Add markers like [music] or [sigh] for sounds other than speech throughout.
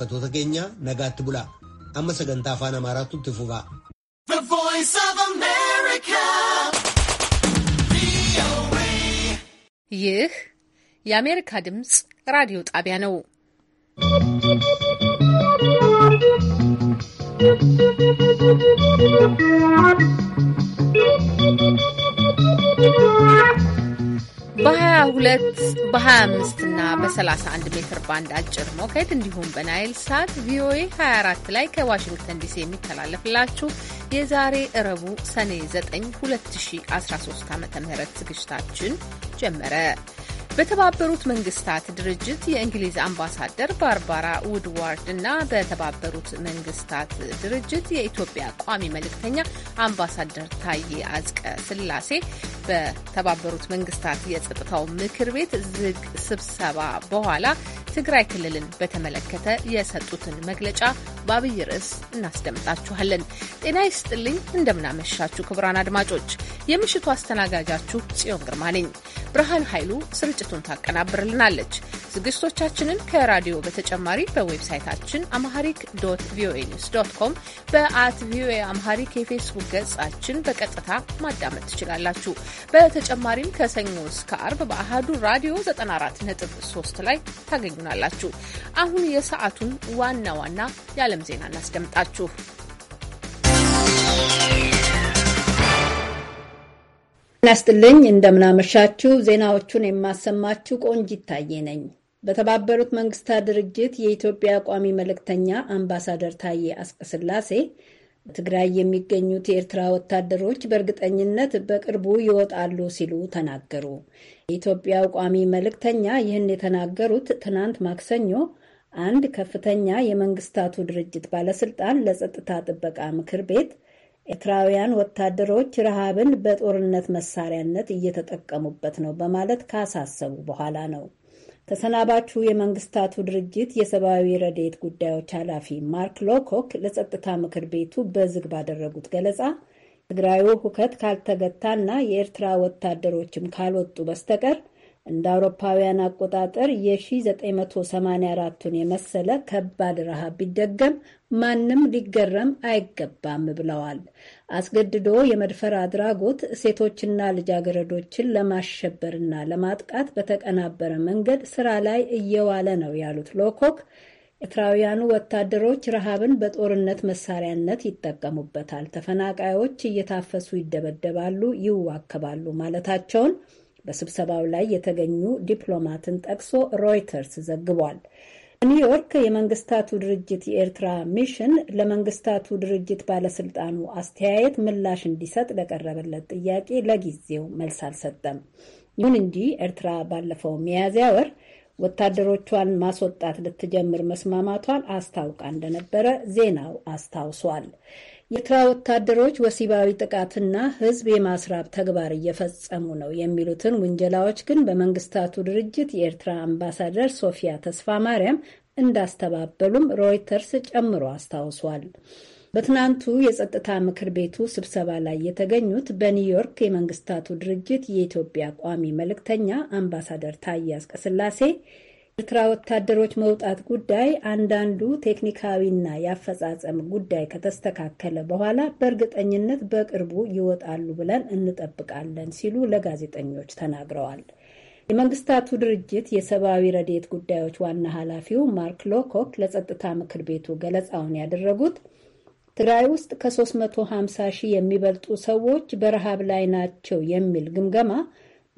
ፈቶ ተገኛ ነጋት ቡላ አመሰገንታ አፋን አማራቱ ትፉባ ይህ የአሜሪካ ድምፅ ራዲዮ ጣቢያ ነው። [laughs] ¶¶ በ22 በ25 እና በ31 ሜትር ባንድ አጭር ሞገድ እንዲሁም በናይል ሳት ቪኦኤ 24 ላይ ከዋሽንግተን ዲሲ የሚተላለፍላችሁ የዛሬ እረቡ ሰኔ 9 2013 ዓ ም ዝግጅታችን ጀመረ። በተባበሩት መንግስታት ድርጅት የእንግሊዝ አምባሳደር ባርባራ ውድዋርድ እና በተባበሩት መንግስታት ድርጅት የኢትዮጵያ ቋሚ መልእክተኛ አምባሳደር ታዬ አጽቀ ስላሴ በተባበሩት መንግስታት የጸጥታው ምክር ቤት ዝግ ስብሰባ በኋላ ትግራይ ክልልን በተመለከተ የሰጡትን መግለጫ በአብይ ርዕስ እናስደምጣችኋለን። ጤና ይስጥልኝ፣ እንደምናመሻችሁ ክቡራን አድማጮች፣ የምሽቱ አስተናጋጃችሁ ጽዮን ግርማ ነኝ። ብርሃን ኃይሉ ስርጭ ስርጭቱን ታቀናብርልናለች። ዝግጅቶቻችንን ከራዲዮ በተጨማሪ በዌብሳይታችን አምሃሪክ ዶት ቪኦኤ ኒውስ ዶት ኮም፣ በአት ቪኦኤ አምሃሪክ የፌስቡክ ገጻችን በቀጥታ ማዳመጥ ትችላላችሁ። በተጨማሪም ከሰኞ እስከ አርብ በአህዱ ራዲዮ 94.3 ላይ ታገኙናላችሁ። አሁን የሰዓቱን ዋና ዋና የዓለም ዜና እናስደምጣችሁ። ናስትልኝ እንደምናመሻችሁ። ዜናዎቹን የማሰማችሁ ቆንጅ ይታየ ነኝ። በተባበሩት መንግስታት ድርጅት የኢትዮጵያ ቋሚ መልእክተኛ አምባሳደር ታዬ አስቀስላሴ በትግራይ የሚገኙት የኤርትራ ወታደሮች በእርግጠኝነት በቅርቡ ይወጣሉ ሲሉ ተናገሩ። የኢትዮጵያ ቋሚ መልእክተኛ ይህን የተናገሩት ትናንት ማክሰኞ አንድ ከፍተኛ የመንግስታቱ ድርጅት ባለስልጣን ለጸጥታ ጥበቃ ምክር ቤት ኤርትራውያን ወታደሮች ረሃብን በጦርነት መሳሪያነት እየተጠቀሙበት ነው በማለት ካሳሰቡ በኋላ ነው። ተሰናባቹ የመንግስታቱ ድርጅት የሰብአዊ ረድኤት ጉዳዮች ኃላፊ ማርክ ሎኮክ ለጸጥታ ምክር ቤቱ በዝግ ባደረጉት ገለጻ ትግራዩ ሁከት ካልተገታና የኤርትራ ወታደሮችም ካልወጡ በስተቀር እንደ አውሮፓውያን አቆጣጠር የ1984ቱን የመሰለ ከባድ ረሃብ ቢደገም ማንም ሊገረም አይገባም ብለዋል። አስገድዶ የመድፈር አድራጎት ሴቶችና ልጃገረዶችን ለማሸበርና ለማጥቃት በተቀናበረ መንገድ ስራ ላይ እየዋለ ነው ያሉት ሎኮክ ኤርትራውያኑ ወታደሮች ረሃብን በጦርነት መሳሪያነት ይጠቀሙበታል፣ ተፈናቃዮች እየታፈሱ ይደበደባሉ፣ ይዋከባሉ ማለታቸውን በስብሰባው ላይ የተገኙ ዲፕሎማትን ጠቅሶ ሮይተርስ ዘግቧል። በኒውዮርክ የመንግስታቱ ድርጅት የኤርትራ ሚሽን ለመንግስታቱ ድርጅት ባለስልጣኑ አስተያየት ምላሽ እንዲሰጥ ለቀረበለት ጥያቄ ለጊዜው መልስ አልሰጠም። ይሁን እንጂ ኤርትራ ባለፈው ሚያዝያ ወር ወታደሮቿን ማስወጣት ልትጀምር መስማማቷን አስታውቃ እንደነበረ ዜናው አስታውሷል። የኤርትራ ወታደሮች ወሲባዊ ጥቃትና ሕዝብ የማስራብ ተግባር እየፈጸሙ ነው የሚሉትን ውንጀላዎች ግን በመንግስታቱ ድርጅት የኤርትራ አምባሳደር ሶፊያ ተስፋ ማርያም እንዳስተባበሉም ሮይተርስ ጨምሮ አስታውሷል። በትናንቱ የጸጥታ ምክር ቤቱ ስብሰባ ላይ የተገኙት በኒውዮርክ የመንግስታቱ ድርጅት የኢትዮጵያ ቋሚ መልእክተኛ አምባሳደር ታዬ አጽቀሥላሴ የኤርትራ ወታደሮች መውጣት ጉዳይ አንዳንዱ ቴክኒካዊና የአፈጻጸም ጉዳይ ከተስተካከለ በኋላ በእርግጠኝነት በቅርቡ ይወጣሉ ብለን እንጠብቃለን ሲሉ ለጋዜጠኞች ተናግረዋል። የመንግስታቱ ድርጅት የሰብአዊ ረድኤት ጉዳዮች ዋና ኃላፊው ማርክ ሎኮክ ለጸጥታ ምክር ቤቱ ገለጻውን ያደረጉት ትግራይ ውስጥ ከ350 ሺህ የሚበልጡ ሰዎች በረሃብ ላይ ናቸው የሚል ግምገማ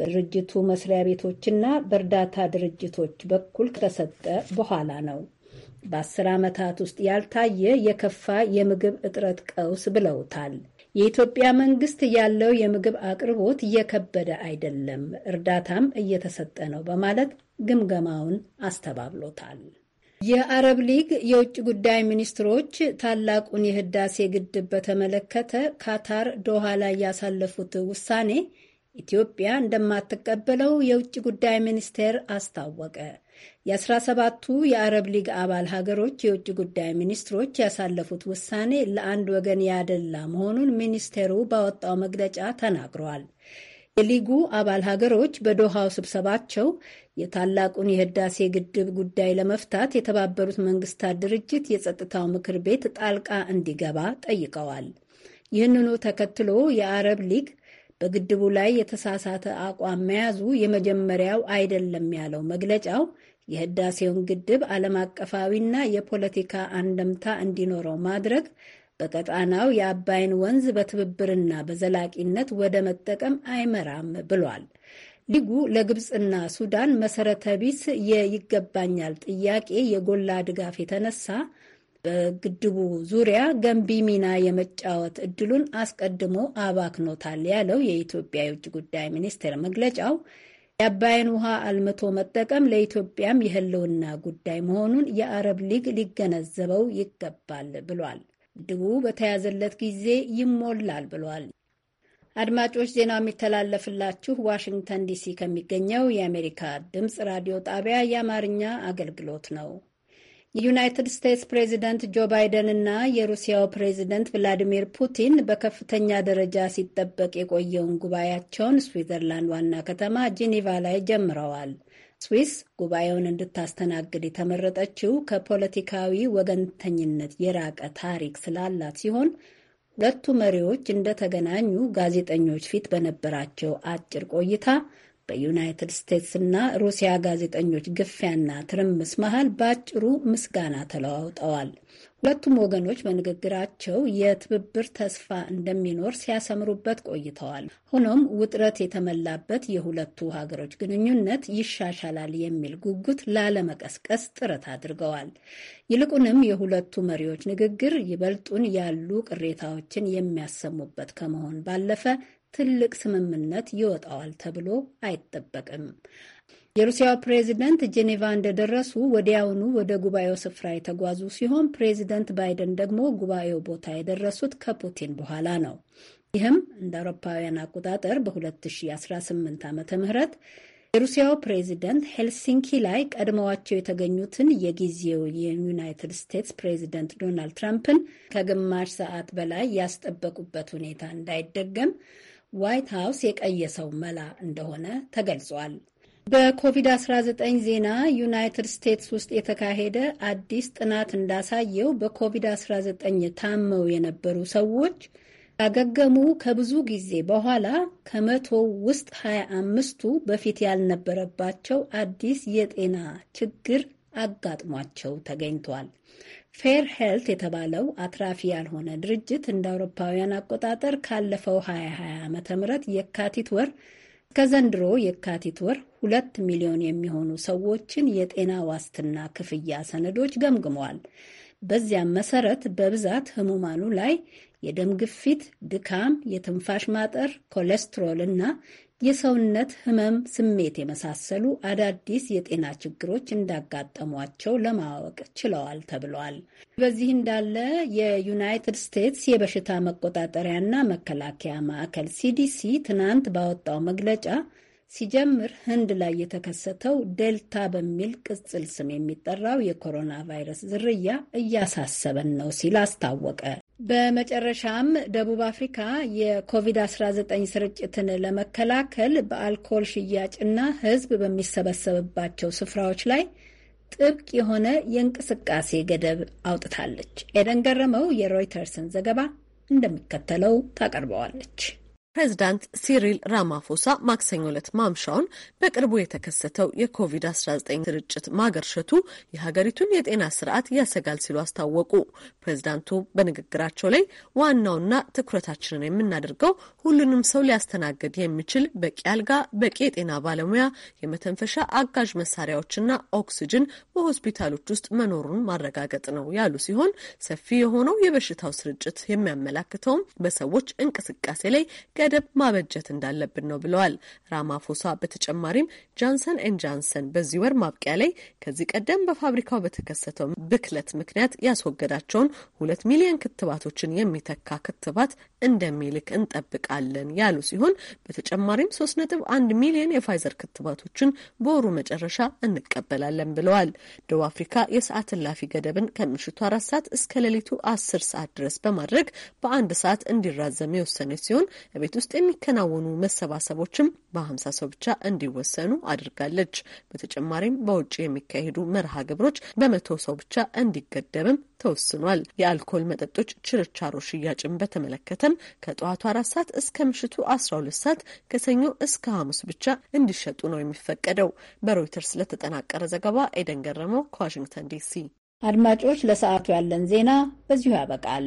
በድርጅቱ መስሪያ ቤቶችና በእርዳታ ድርጅቶች በኩል ከተሰጠ በኋላ ነው። በአስር ዓመታት ውስጥ ያልታየ የከፋ የምግብ እጥረት ቀውስ ብለውታል። የኢትዮጵያ መንግስት ያለው የምግብ አቅርቦት እየከበደ አይደለም፣ እርዳታም እየተሰጠ ነው በማለት ግምገማውን አስተባብሎታል። የአረብ ሊግ የውጭ ጉዳይ ሚኒስትሮች ታላቁን የህዳሴ ግድብ በተመለከተ ካታር ዶሃ ላይ ያሳለፉት ውሳኔ ኢትዮጵያ እንደማትቀበለው የውጭ ጉዳይ ሚኒስቴር አስታወቀ። የ17ቱ የአረብ ሊግ አባል ሀገሮች የውጭ ጉዳይ ሚኒስትሮች ያሳለፉት ውሳኔ ለአንድ ወገን ያደላ መሆኑን ሚኒስቴሩ ባወጣው መግለጫ ተናግሯል። የሊጉ አባል ሀገሮች በዶሃው ስብሰባቸው የታላቁን የህዳሴ ግድብ ጉዳይ ለመፍታት የተባበሩት መንግስታት ድርጅት የጸጥታው ምክር ቤት ጣልቃ እንዲገባ ጠይቀዋል። ይህንኑ ተከትሎ የአረብ ሊግ በግድቡ ላይ የተሳሳተ አቋም መያዙ የመጀመሪያው አይደለም ያለው መግለጫው የህዳሴውን ግድብ ዓለም አቀፋዊና የፖለቲካ አንደምታ እንዲኖረው ማድረግ በቀጣናው የአባይን ወንዝ በትብብርና በዘላቂነት ወደ መጠቀም አይመራም ብሏል። ሊጉ ለግብፅና ሱዳን መሰረተ ቢስ የይገባኛል ጥያቄ የጎላ ድጋፍ የተነሳ በግድቡ ዙሪያ ገንቢ ሚና የመጫወት እድሉን አስቀድሞ አባክኖታል ያለው የኢትዮጵያ የውጭ ጉዳይ ሚኒስቴር መግለጫው የአባይን ውሃ አልምቶ መጠቀም ለኢትዮጵያም የሕልውና ጉዳይ መሆኑን የአረብ ሊግ ሊገነዘበው ይገባል ብሏል። ግድቡ በተያዘለት ጊዜ ይሞላል ብሏል። አድማጮች ዜናው የሚተላለፍላችሁ ዋሽንግተን ዲሲ ከሚገኘው የአሜሪካ ድምፅ ራዲዮ ጣቢያ የአማርኛ አገልግሎት ነው። የዩናይትድ ስቴትስ ፕሬዚደንት ጆ ባይደን እና የሩሲያው ፕሬዚደንት ቭላዲሚር ፑቲን በከፍተኛ ደረጃ ሲጠበቅ የቆየውን ጉባኤያቸውን ስዊዘርላንድ ዋና ከተማ ጂኒቫ ላይ ጀምረዋል። ስዊስ ጉባኤውን እንድታስተናግድ የተመረጠችው ከፖለቲካዊ ወገንተኝነት የራቀ ታሪክ ስላላት ሲሆን ሁለቱ መሪዎች እንደተገናኙ ጋዜጠኞች ፊት በነበራቸው አጭር ቆይታ በዩናይትድ ስቴትስና ሩሲያ ጋዜጠኞች ግፊያና ትርምስ መሃል በአጭሩ ምስጋና ተለዋውጠዋል። ሁለቱም ወገኖች በንግግራቸው የትብብር ተስፋ እንደሚኖር ሲያሰምሩበት ቆይተዋል። ሆኖም ውጥረት የተመላበት የሁለቱ ሀገሮች ግንኙነት ይሻሻላል የሚል ጉጉት ላለመቀስቀስ ጥረት አድርገዋል። ይልቁንም የሁለቱ መሪዎች ንግግር ይበልጡን ያሉ ቅሬታዎችን የሚያሰሙበት ከመሆን ባለፈ ትልቅ ስምምነት ይወጣዋል ተብሎ አይጠበቅም። የሩሲያው ፕሬዚደንት ጄኔቫ እንደደረሱ ወዲያውኑ ወደ ጉባኤው ስፍራ የተጓዙ ሲሆን ፕሬዚደንት ባይደን ደግሞ ጉባኤው ቦታ የደረሱት ከፑቲን በኋላ ነው። ይህም እንደ አውሮፓውያን አቆጣጠር በ2018 ዓ ም የሩሲያው ፕሬዚደንት ሄልሲንኪ ላይ ቀድመዋቸው የተገኙትን የጊዜው የዩናይትድ ስቴትስ ፕሬዚደንት ዶናልድ ትራምፕን ከግማሽ ሰዓት በላይ ያስጠበቁበት ሁኔታ እንዳይደገም ዋይት ሀውስ የቀየሰው መላ እንደሆነ ተገልጿል። በኮቪድ-19 ዜና ዩናይትድ ስቴትስ ውስጥ የተካሄደ አዲስ ጥናት እንዳሳየው በኮቪድ-19 ታመው የነበሩ ሰዎች ያገገሙ ከብዙ ጊዜ በኋላ ከመቶ ውስጥ 25 አምስቱ በፊት ያልነበረባቸው አዲስ የጤና ችግር አጋጥሟቸው ተገኝቷል። ፌር ሄልት የተባለው አትራፊ ያልሆነ ድርጅት እንደ አውሮፓውያን አቆጣጠር ካለፈው 2020 ዓ.ም የካቲት ወር ከዘንድሮ የካቲት ወር ሁለት ሚሊዮን የሚሆኑ ሰዎችን የጤና ዋስትና ክፍያ ሰነዶች ገምግመዋል። በዚያም መሰረት በብዛት ህሙማኑ ላይ የደም ግፊት፣ ድካም፣ የትንፋሽ ማጠር፣ ኮሌስትሮል እና የሰውነት ህመም፣ ስሜት የመሳሰሉ አዳዲስ የጤና ችግሮች እንዳጋጠሟቸው ለማወቅ ችለዋል ተብሏል። በዚህ እንዳለ የዩናይትድ ስቴትስ የበሽታ መቆጣጠሪያና መከላከያ ማዕከል ሲዲሲ ትናንት ባወጣው መግለጫ ሲጀምር ህንድ ላይ የተከሰተው ዴልታ በሚል ቅጽል ስም የሚጠራው የኮሮና ቫይረስ ዝርያ እያሳሰበን ነው ሲል አስታወቀ። በመጨረሻም ደቡብ አፍሪካ የኮቪድ-19 ስርጭትን ለመከላከል በአልኮል ሽያጭና ሕዝብ በሚሰበሰብባቸው ስፍራዎች ላይ ጥብቅ የሆነ የእንቅስቃሴ ገደብ አውጥታለች። ኤደን ገረመው የሮይተርስን ዘገባ እንደሚከተለው ታቀርበዋለች። ፕሬዚዳንት ሲሪል ራማፎሳ ማክሰኞ ዕለት ማምሻውን በቅርቡ የተከሰተው የኮቪድ-19 ስርጭት ማገርሸቱ የሀገሪቱን የጤና ስርዓት ያሰጋል ሲሉ አስታወቁ። ፕሬዚዳንቱ በንግግራቸው ላይ ዋናውና ትኩረታችንን የምናደርገው ሁሉንም ሰው ሊያስተናግድ የሚችል በቂ አልጋ፣ በቂ የጤና ባለሙያ፣ የመተንፈሻ አጋዥ መሳሪያዎችና ኦክስጅን በሆስፒታሎች ውስጥ መኖሩን ማረጋገጥ ነው ያሉ ሲሆን ሰፊ የሆነው የበሽታው ስርጭት የሚያመላክተውም በሰዎች እንቅስቃሴ ላይ ገደብ ማበጀት እንዳለብን ነው ብለዋል። ራማፎሳ በተጨማሪም ጃንሰን ኤን ጃንሰን በዚህ ወር ማብቂያ ላይ ከዚህ ቀደም በፋብሪካው በተከሰተው ብክለት ምክንያት ያስወገዳቸውን ሁለት ሚሊዮን ክትባቶችን የሚተካ ክትባት እንደሚልክ እንጠብቃለን ያሉ ሲሆን በተጨማሪም ሶስት ነጥብ አንድ ሚሊዮን የፋይዘር ክትባቶችን በወሩ መጨረሻ እንቀበላለን ብለዋል። ደቡብ አፍሪካ የሰዓት እላፊ ገደብን ከምሽቱ አራት ሰዓት እስከ ሌሊቱ አስር ሰዓት ድረስ በማድረግ በአንድ ሰዓት እንዲራዘም የወሰነች ሲሆን ቤት ውስጥ የሚከናወኑ መሰባሰቦችም በሀምሳ ሰው ብቻ እንዲወሰኑ አድርጋለች። በተጨማሪም በውጭ የሚካሄዱ መርሃ ግብሮች በመቶ ሰው ብቻ እንዲገደብም ተወስኗል። የአልኮል መጠጦች ችርቻሮ ሽያጭን በተመለከተም ከጠዋቱ አራት ሰዓት እስከ ምሽቱ አስራ ሁለት ሰዓት ከሰኞ እስከ ሐሙስ ብቻ እንዲሸጡ ነው የሚፈቀደው። በሮይተርስ ለተጠናቀረ ዘገባ ኤደን ገረመው ከዋሽንግተን ዲሲ። አድማጮች፣ ለሰዓቱ ያለን ዜና በዚሁ ያበቃል።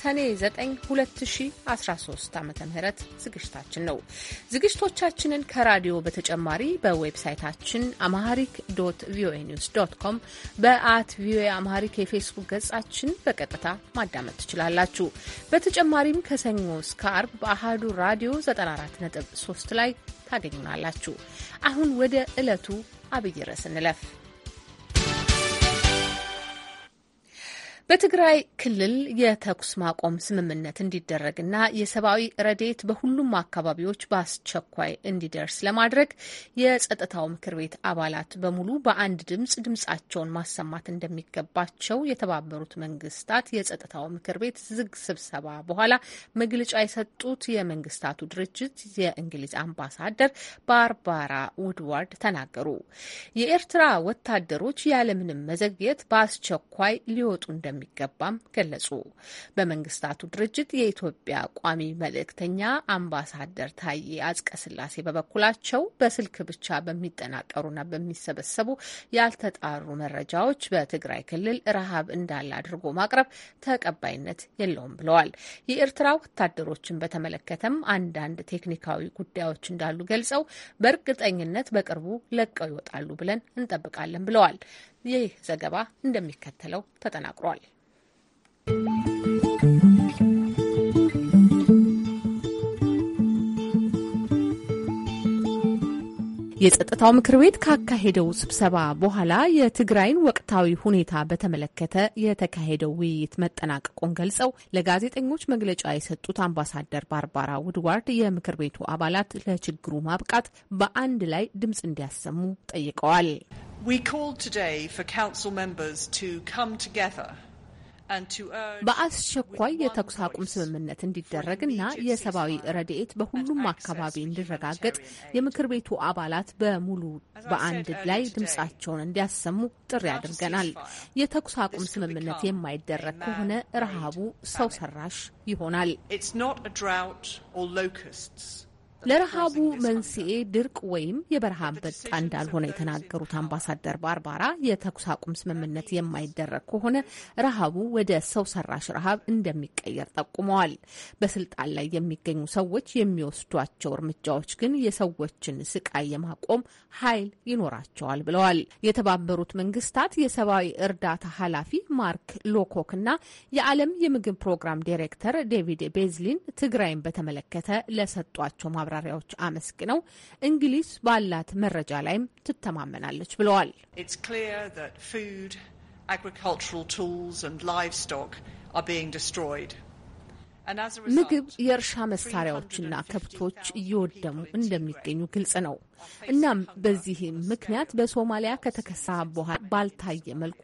ሰኔ 9 2013 ዓ ም ዝግጅታችን ነው። ዝግጅቶቻችንን ከራዲዮ በተጨማሪ በዌብሳይታችን አማሃሪክ ዶት ቪኦኤ ኒውስ ዶት ኮም በአት ቪኦኤ አማሃሪክ የፌስቡክ ገጻችን በቀጥታ ማዳመጥ ትችላላችሁ። በተጨማሪም ከሰኞ እስከ አርብ በአህዱ ራዲዮ 94.3 ላይ ታገኙናላችሁ። አሁን ወደ ዕለቱ አብይ ርዕስ እንለፍ። በትግራይ ክልል የተኩስ ማቆም ስምምነት እንዲደረግና የሰብአዊ ረዴት በሁሉም አካባቢዎች በአስቸኳይ እንዲደርስ ለማድረግ የጸጥታው ምክር ቤት አባላት በሙሉ በአንድ ድምጽ ድምጻቸውን ማሰማት እንደሚገባቸው የተባበሩት መንግስታት የጸጥታው ምክር ቤት ዝግ ስብሰባ በኋላ መግለጫ የሰጡት የመንግስታቱ ድርጅት የእንግሊዝ አምባሳደር ባርባራ ውድዋርድ ተናገሩ። የኤርትራ ወታደሮች ያለምንም መዘግየት በአስቸኳይ ሊወጡ እንደሚ እንደሚገባም ገለጹ። በመንግስታቱ ድርጅት የኢትዮጵያ ቋሚ መልእክተኛ አምባሳደር ታዬ አጽቀስላሴ በበኩላቸው በስልክ ብቻ በሚጠናቀሩና በሚሰበሰቡ ያልተጣሩ መረጃዎች በትግራይ ክልል ረሃብ እንዳለ አድርጎ ማቅረብ ተቀባይነት የለውም ብለዋል። የኤርትራ ወታደሮችን በተመለከተም አንዳንድ ቴክኒካዊ ጉዳዮች እንዳሉ ገልጸው በእርግጠኝነት በቅርቡ ለቀው ይወጣሉ ብለን እንጠብቃለን ብለዋል። ይህ ዘገባ እንደሚከተለው ተጠናቅሯል። የጸጥታው ምክር ቤት ካካሄደው ስብሰባ በኋላ የትግራይን ወቅታዊ ሁኔታ በተመለከተ የተካሄደው ውይይት መጠናቀቁን ገልጸው ለጋዜጠኞች መግለጫ የሰጡት አምባሳደር ባርባራ ውድዋርድ የምክር ቤቱ አባላት ለችግሩ ማብቃት በአንድ ላይ ድምፅ እንዲያሰሙ ጠይቀዋል። We called today for council members to come together በአስቸኳይ የተኩስ አቁም ስምምነት እንዲደረግና የሰብአዊ ረድኤት በሁሉም አካባቢ እንዲረጋገጥ የምክር ቤቱ አባላት በሙሉ በአንድ ላይ ድምጻቸውን እንዲያሰሙ ጥሪ አድርገናል። የተኩስ አቁም ስምምነት የማይደረግ ከሆነ ረሃቡ ሰው ሰራሽ ይሆናል። ለረሃቡ መንስኤ ድርቅ ወይም የበረሃ አንበጣ እንዳልሆነ የተናገሩት አምባሳደር ባርባራ የተኩስ አቁም ስምምነት የማይደረግ ከሆነ ረሃቡ ወደ ሰው ሰራሽ ረሃብ እንደሚቀየር ጠቁመዋል። በስልጣን ላይ የሚገኙ ሰዎች የሚወስዷቸው እርምጃዎች ግን የሰዎችን ስቃይ የማቆም ኃይል ይኖራቸዋል ብለዋል። የተባበሩት መንግስታት የሰብአዊ እርዳታ ኃላፊ ማርክ ሎኮክ እና የዓለም የምግብ ፕሮግራም ዳይሬክተር ዴቪድ ቤዝሊን ትግራይን በተመለከተ ለሰጧቸው ማብራ ማስፈራሪያዎች ነው እንግሊዝ ባላት መረጃ ላይም ትተማመናለች ብለዋል። ግሪካልራል ቱልስ ላይቭስቶክ ቢንግ ዲስትሮይድ ምግብ፣ የእርሻ መሳሪያዎችና ከብቶች እየወደሙ እንደሚገኙ ግልጽ ነው። እናም በዚህ ምክንያት በሶማሊያ ከተከሳ በኋላ ባልታየ መልኩ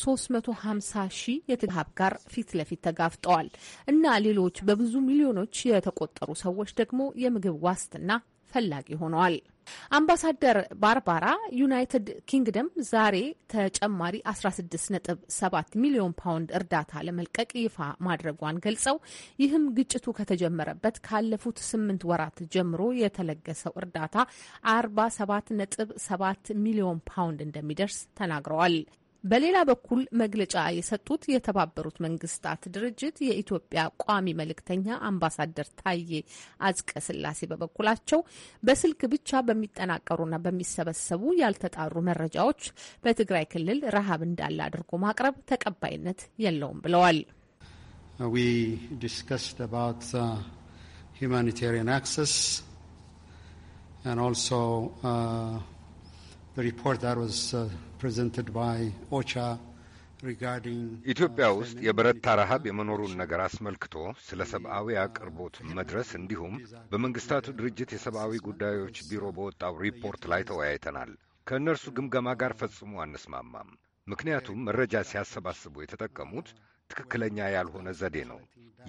350 ሺህ ጋር ፊት ለፊት ተጋፍጠዋል እና ሌሎች በብዙ ሚሊዮኖች የተቆጠሩ ሰዎች ደግሞ የምግብ ዋስትና ፈላጊ ሆነዋል። አምባሳደር ባርባራ ዩናይትድ ኪንግደም ዛሬ ተጨማሪ 16.7 ሚሊዮን ፓውንድ እርዳታ ለመልቀቅ ይፋ ማድረጓን ገልጸው ይህም ግጭቱ ከተጀመረበት ካለፉት ስምንት ወራት ጀምሮ የተለገሰው እርዳታ 47.7 ሚሊዮን ፓውንድ እንደሚደርስ ተናግረዋል። በሌላ በኩል መግለጫ የሰጡት የተባበሩት መንግስታት ድርጅት የኢትዮጵያ ቋሚ መልእክተኛ አምባሳደር ታዬ አጽቀ ስላሴ በበኩላቸው በስልክ ብቻ በሚጠናቀሩና በሚሰበሰቡ ያልተጣሩ መረጃዎች በትግራይ ክልል ረሃብ እንዳለ አድርጎ ማቅረብ ተቀባይነት የለውም ብለዋል። ሁማኒታሪያን አክሰስ Uh, uh, ኢትዮጵያ ውስጥ የበረታ ረሃብ የመኖሩን ነገር አስመልክቶ ስለ ሰብአዊ አቅርቦት መድረስ እንዲሁም በመንግስታቱ ድርጅት የሰብአዊ ጉዳዮች ቢሮ በወጣው ሪፖርት ላይ ተወያይተናል። ከእነርሱ ግምገማ ጋር ፈጽሞ አንስማማም። ምክንያቱም መረጃ ሲያሰባስቡ የተጠቀሙት ትክክለኛ ያልሆነ ዘዴ ነው።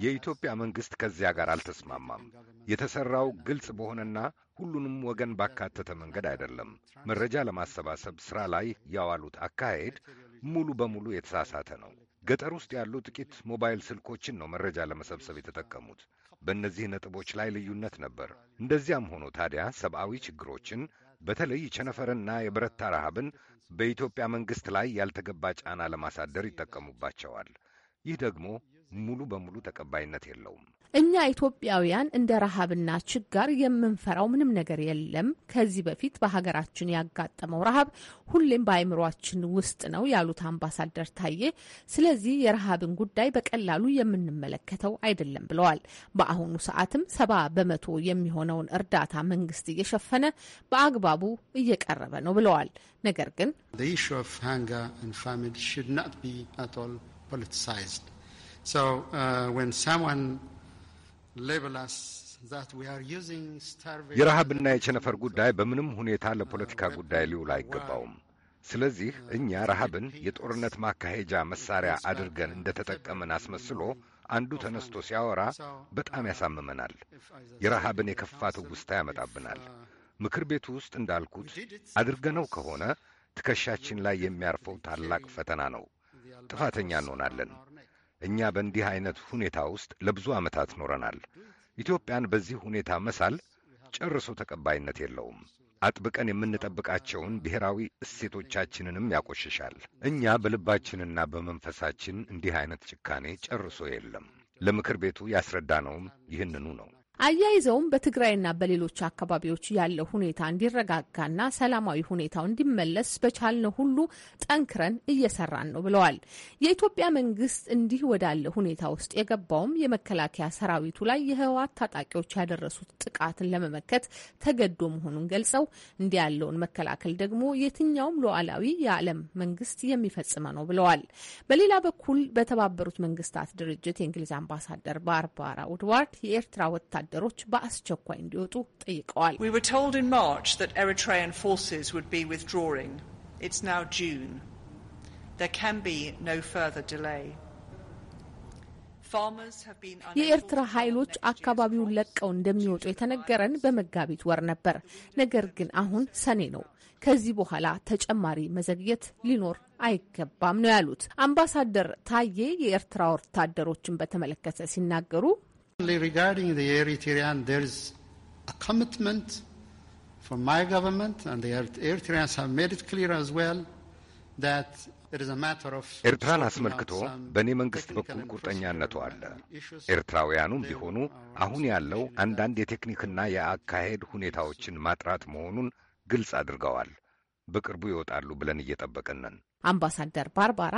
የኢትዮጵያ መንግስት ከዚያ ጋር አልተስማማም። የተሰራው ግልጽ በሆነና ሁሉንም ወገን ባካተተ መንገድ አይደለም። መረጃ ለማሰባሰብ ሥራ ላይ ያዋሉት አካሄድ ሙሉ በሙሉ የተሳሳተ ነው። ገጠር ውስጥ ያሉ ጥቂት ሞባይል ስልኮችን ነው መረጃ ለመሰብሰብ የተጠቀሙት። በእነዚህ ነጥቦች ላይ ልዩነት ነበር። እንደዚያም ሆኖ ታዲያ ሰብአዊ ችግሮችን በተለይ ቸነፈርና የበረታ ረሃብን በኢትዮጵያ መንግሥት ላይ ያልተገባ ጫና ለማሳደር ይጠቀሙባቸዋል። ይህ ደግሞ ሙሉ በሙሉ ተቀባይነት የለውም። እኛ ኢትዮጵያውያን እንደ ረሃብና ችጋር የምንፈራው ምንም ነገር የለም። ከዚህ በፊት በሀገራችን ያጋጠመው ረሃብ ሁሌም በአእምሯችን ውስጥ ነው ያሉት አምባሳደር ታዬ፣ ስለዚህ የረሃብን ጉዳይ በቀላሉ የምንመለከተው አይደለም ብለዋል። በአሁኑ ሰዓትም ሰባ በመቶ የሚሆነውን እርዳታ መንግስት እየሸፈነ በአግባቡ እየቀረበ ነው ብለዋል። ነገር ግን ፖለቲሳይዝድ የረሃብና የቸነፈር ጉዳይ በምንም ሁኔታ ለፖለቲካ ጉዳይ ሊውል አይገባውም። ስለዚህ እኛ ረሃብን የጦርነት ማካሄጃ መሳሪያ አድርገን ተጠቀምን አስመስሎ አንዱ ተነስቶ ሲያወራ በጣም ያሳምመናል። የረሃብን የከፋ ትውስታ ያመጣብናል። ምክር ቤቱ ውስጥ እንዳልኩት አድርገነው ከሆነ ትከሻችን ላይ የሚያርፈው ታላቅ ፈተና ነው። ጥፋተኛ እንሆናለን። እኛ በእንዲህ አይነት ሁኔታ ውስጥ ለብዙ ዓመታት ኖረናል። ኢትዮጵያን በዚህ ሁኔታ መሳል ጨርሶ ተቀባይነት የለውም። አጥብቀን የምንጠብቃቸውን ብሔራዊ እሴቶቻችንንም ያቆሽሻል። እኛ በልባችንና በመንፈሳችን እንዲህ አይነት ጭካኔ ጨርሶ የለም። ለምክር ቤቱ ያስረዳነውም ይህንኑ ነው። አያይዘውም በትግራይና በሌሎች አካባቢዎች ያለው ሁኔታ እንዲረጋጋና ሰላማዊ ሁኔታው እንዲመለስ በቻልነው ሁሉ ጠንክረን እየሰራን ነው ብለዋል። የኢትዮጵያ መንግስት እንዲህ ወዳለ ሁኔታ ውስጥ የገባውም የመከላከያ ሰራዊቱ ላይ የህወሓት ታጣቂዎች ያደረሱት ጥቃትን ለመመከት ተገዶ መሆኑን ገልጸው እንዲህ ያለውን መከላከል ደግሞ የትኛውም ሉዓላዊ የዓለም መንግስት የሚፈጽመ ነው ብለዋል። በሌላ በኩል በተባበሩት መንግስታት ድርጅት የእንግሊዝ አምባሳደር ባርባራ ውድዋርድ የኤርትራ ወታደ ወታደሮች በአስቸኳይ እንዲወጡ ጠይቀዋል። የኤርትራ ኃይሎች አካባቢውን ለቀው እንደሚወጡ የተነገረን በመጋቢት ወር ነበር። ነገር ግን አሁን ሰኔ ነው። ከዚህ በኋላ ተጨማሪ መዘግየት ሊኖር አይገባም ነው ያሉት አምባሳደር ታዬ የኤርትራ ወታደሮችን በተመለከተ ሲናገሩ Regarding the Eritrean, there is a commitment from my government and the Eritreans have made it clear as well that ኤርትራን አስመልክቶ በእኔ መንግሥት በኩል ቁርጠኛነቱ አለ። ኤርትራውያኑም ቢሆኑ አሁን ያለው አንዳንድ የቴክኒክና የአካሄድ ሁኔታዎችን ማጥራት መሆኑን ግልጽ አድርገዋል። በቅርቡ ይወጣሉ ብለን እየጠበቅንን። አምባሳደር ባርባራ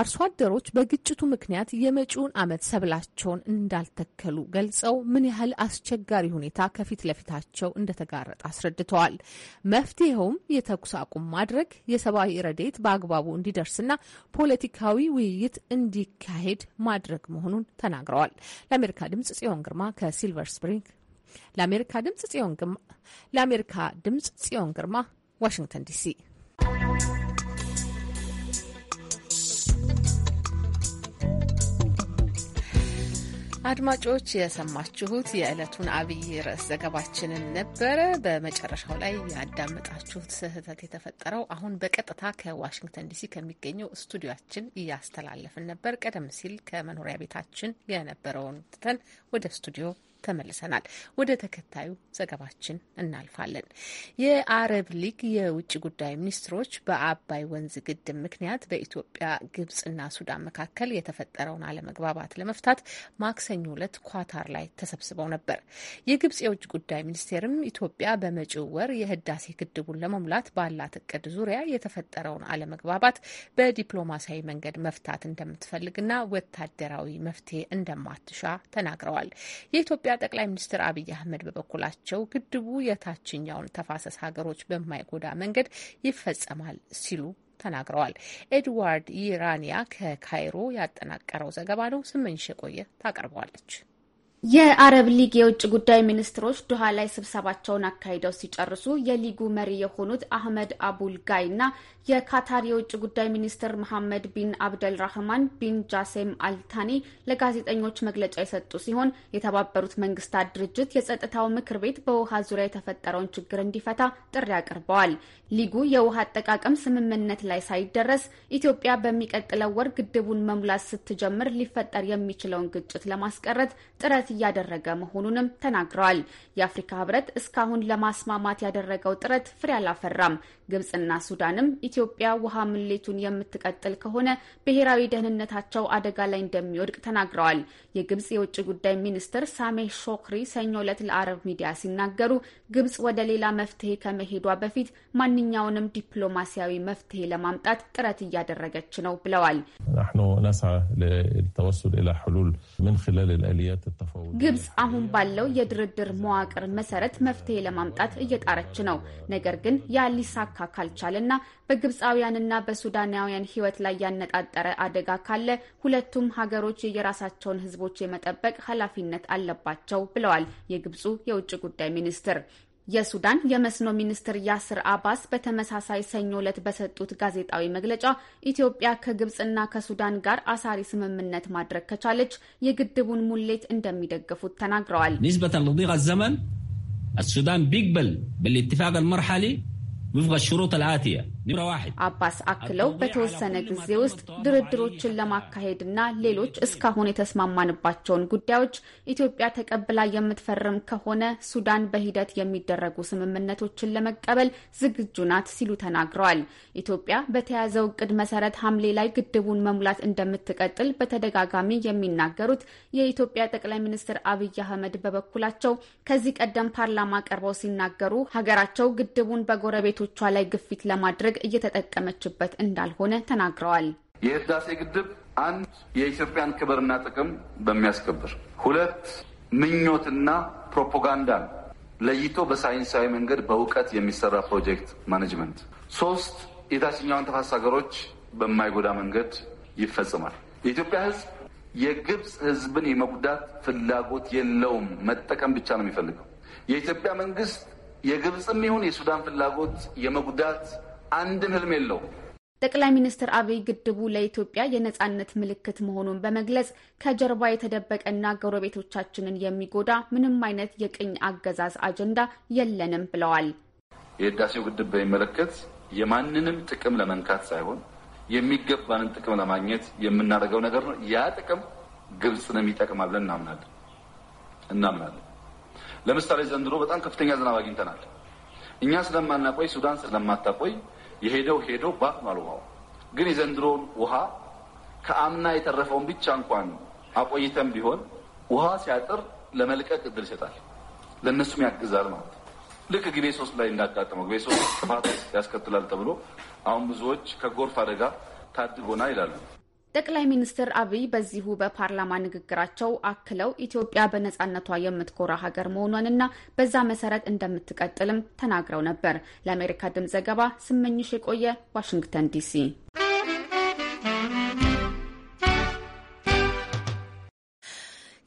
አርሶ አደሮች በግጭቱ ምክንያት የመጪውን ዓመት ሰብላቸውን እንዳልተከሉ ገልጸው ምን ያህል አስቸጋሪ ሁኔታ ከፊት ለፊታቸው እንደተጋረጠ አስረድተዋል። መፍትሄውም የተኩስ አቁም ማድረግ፣ የሰብአዊ ረዴት በአግባቡ እንዲደርስና ፖለቲካዊ ውይይት እንዲካሄድ ማድረግ መሆኑን ተናግረዋል። ለአሜሪካ ድምጽ ጽዮን ግርማ ከሲልቨር ስፕሪንግ ለአሜሪካ ድምጽ ጽዮን ግርማ ዋሽንግተን ዲሲ አድማጮች የሰማችሁት የዕለቱን አብይ ርዕስ ዘገባችንን ነበረ። በመጨረሻው ላይ ያዳመጣችሁት ስህተት የተፈጠረው አሁን በቀጥታ ከዋሽንግተን ዲሲ ከሚገኘው ስቱዲያችን እያስተላለፍን ነበር። ቀደም ሲል ከመኖሪያ ቤታችን የነበረውን ትተን ወደ ስቱዲዮ ተመልሰናል። ወደ ተከታዩ ዘገባችን እናልፋለን። የአረብ ሊግ የውጭ ጉዳይ ሚኒስትሮች በአባይ ወንዝ ግድብ ምክንያት በኢትዮጵያ ግብጽና ሱዳን መካከል የተፈጠረውን አለመግባባት ለመፍታት ማክሰኞ ዕለት ኳታር ላይ ተሰብስበው ነበር። የግብጽ የውጭ ጉዳይ ሚኒስቴርም ኢትዮጵያ በመጪው ወር የህዳሴ ግድቡን ለመሙላት ባላት እቅድ ዙሪያ የተፈጠረውን አለመግባባት በዲፕሎማሲያዊ መንገድ መፍታት እንደምትፈልግና ወታደራዊ መፍትሄ እንደማትሻ ተናግረዋል። የኢትዮጵያ ጠቅላይ ሚኒስትር አብይ አህመድ በበኩላቸው ግድቡ የታችኛውን ተፋሰስ ሀገሮች በማይጎዳ መንገድ ይፈጸማል ሲሉ ተናግረዋል። ኤድዋርድ ይራኒያ ከካይሮ ያጠናቀረው ዘገባ ነው። ስመኝሽ የቆየ ታቀርበዋለች። የአረብ ሊግ የውጭ ጉዳይ ሚኒስትሮች ዱሃ ላይ ስብሰባቸውን አካሂደው ሲጨርሱ የሊጉ መሪ የሆኑት አህመድ አቡል ጋይ እና የካታር የውጭ ጉዳይ ሚኒስትር መሐመድ ቢን አብደል ራህማን ቢን ጃሴም አልታኒ ለጋዜጠኞች መግለጫ የሰጡ ሲሆን የተባበሩት መንግስታት ድርጅት የጸጥታው ምክር ቤት በውሃ ዙሪያ የተፈጠረውን ችግር እንዲፈታ ጥሪ አቅርበዋል። ሊጉ የውሃ አጠቃቀም ስምምነት ላይ ሳይደረስ ኢትዮጵያ በሚቀጥለው ወር ግድቡን መሙላት ስትጀምር ሊፈጠር የሚችለውን ግጭት ለማስቀረት ጥረት እያደረገ መሆኑንም ተናግረዋል። የአፍሪካ ህብረት እስካሁን ለማስማማት ያደረገው ጥረት ፍሬ አላፈራም። ግብጽና ሱዳንም ኢትዮጵያ ውሃ ምሌቱን የምትቀጥል ከሆነ ብሔራዊ ደህንነታቸው አደጋ ላይ እንደሚወድቅ ተናግረዋል። የግብጽ የውጭ ጉዳይ ሚኒስትር ሳሜህ ሾክሪ ሰኞ ዕለት ለአረብ ሚዲያ ሲናገሩ ግብጽ ወደ ሌላ መፍትሄ ከመሄዷ በፊት ማንኛውንም ዲፕሎማሲያዊ መፍትሄ ለማምጣት ጥረት እያደረገች ነው ብለዋል። ግብጽ አሁን ባለው የድርድር መዋቅር መሰረት መፍትሄ ለማምጣት እየጣረች ነው። ነገር ግን ያ ሊሳካ ካልቻለና በግብፃውያንና በሱዳናውያን ሕይወት ላይ ያነጣጠረ አደጋ ካለ ሁለቱም ሀገሮች የየራሳቸውን ሕዝቦች የመጠበቅ ኃላፊነት አለባቸው ብለዋል የግብፁ የውጭ ጉዳይ ሚኒስትር። የሱዳን የመስኖ ሚኒስትር ያስር አባስ በተመሳሳይ ሰኞ ዕለት በሰጡት ጋዜጣዊ መግለጫ ኢትዮጵያ ከግብፅና ከሱዳን ጋር አሳሪ ስምምነት ማድረግ ከቻለች የግድቡን ሙሌት እንደሚደግፉት ተናግረዋል። ኒስበተ ለዲቅ ዘመን አሱዳን ቢግበል ብልኢትፋቅ አልመርሐሊ ውፍቀ ሽሩጥ አልአትያ አባስ አክለው በተወሰነ ጊዜ ውስጥ ድርድሮችን ለማካሄድና ሌሎች እስካሁን የተስማማንባቸውን ጉዳዮች ኢትዮጵያ ተቀብላ የምትፈርም ከሆነ ሱዳን በሂደት የሚደረጉ ስምምነቶችን ለመቀበል ዝግጁ ናት ሲሉ ተናግረዋል። ኢትዮጵያ በተያዘው እቅድ መሰረት ሐምሌ ላይ ግድቡን መሙላት እንደምትቀጥል በተደጋጋሚ የሚናገሩት የኢትዮጵያ ጠቅላይ ሚኒስትር አብይ አህመድ በበኩላቸው ከዚህ ቀደም ፓርላማ ቀርበው ሲናገሩ ሀገራቸው ግድቡን በጎረቤቶቿ ላይ ግፊት ለማድረግ ለማድረግ እየተጠቀመችበት እንዳልሆነ ተናግረዋል። የህዳሴ ግድብ አንድ የኢትዮጵያን ክብርና ጥቅም በሚያስከብር ሁለት ምኞትና ፕሮፓጋንዳን ለይቶ በሳይንሳዊ መንገድ በእውቀት የሚሰራ ፕሮጀክት ማኔጅመንት፣ ሶስት የታችኛውን ተፋሰስ ሀገሮች በማይጎዳ መንገድ ይፈጽማል። የኢትዮጵያ ህዝብ የግብፅ ህዝብን የመጉዳት ፍላጎት የለውም። መጠቀም ብቻ ነው የሚፈልገው። የኢትዮጵያ መንግስት የግብፅም ይሁን የሱዳን ፍላጎት የመጉዳት አንድም ህልም የለው ጠቅላይ ሚኒስትር አብይ ግድቡ ለኢትዮጵያ የነጻነት ምልክት መሆኑን በመግለጽ ከጀርባ የተደበቀና ጎረቤቶቻችንን የሚጎዳ ምንም አይነት የቅኝ አገዛዝ አጀንዳ የለንም ብለዋል። የህዳሴው ግድብ በሚመለከት የማንንም ጥቅም ለመንካት ሳይሆን የሚገባንን ጥቅም ለማግኘት የምናደርገው ነገር ነው። ያ ጥቅም ግብፅን የሚጠቅማ ብለን እናምናለን እናምናለን። ለምሳሌ ዘንድሮ በጣም ከፍተኛ ዝናብ አግኝተናል። እኛ ስለማናቆይ ሱዳን ስለማታቆይ የሄደው ሄዶ ባክ ውሃው ግን የዘንድሮውን ውሃ ከአምና የተረፈውን ብቻ እንኳን አቆይተን ቢሆን ውሃ ሲያጥር ለመልቀቅ እድል ይሰጣል፣ ለእነሱም ያግዛል ማለት ነው። ልክ ግቤ ሶስት ላይ እንዳጋጠመው ግቤ ሶስት ጥፋት ያስከትላል ተብሎ አሁን ብዙዎች ከጎርፍ አደጋ ታድጎና ይላሉ። ጠቅላይ ሚኒስትር አብይ በዚሁ በፓርላማ ንግግራቸው አክለው ኢትዮጵያ በነጻነቷ የምትኮራ ሀገር መሆኗንና በዛ መሰረት እንደምትቀጥልም ተናግረው ነበር። ለአሜሪካ ድምፅ ዘገባ ስመኝሽ የቆየ ዋሽንግተን ዲሲ።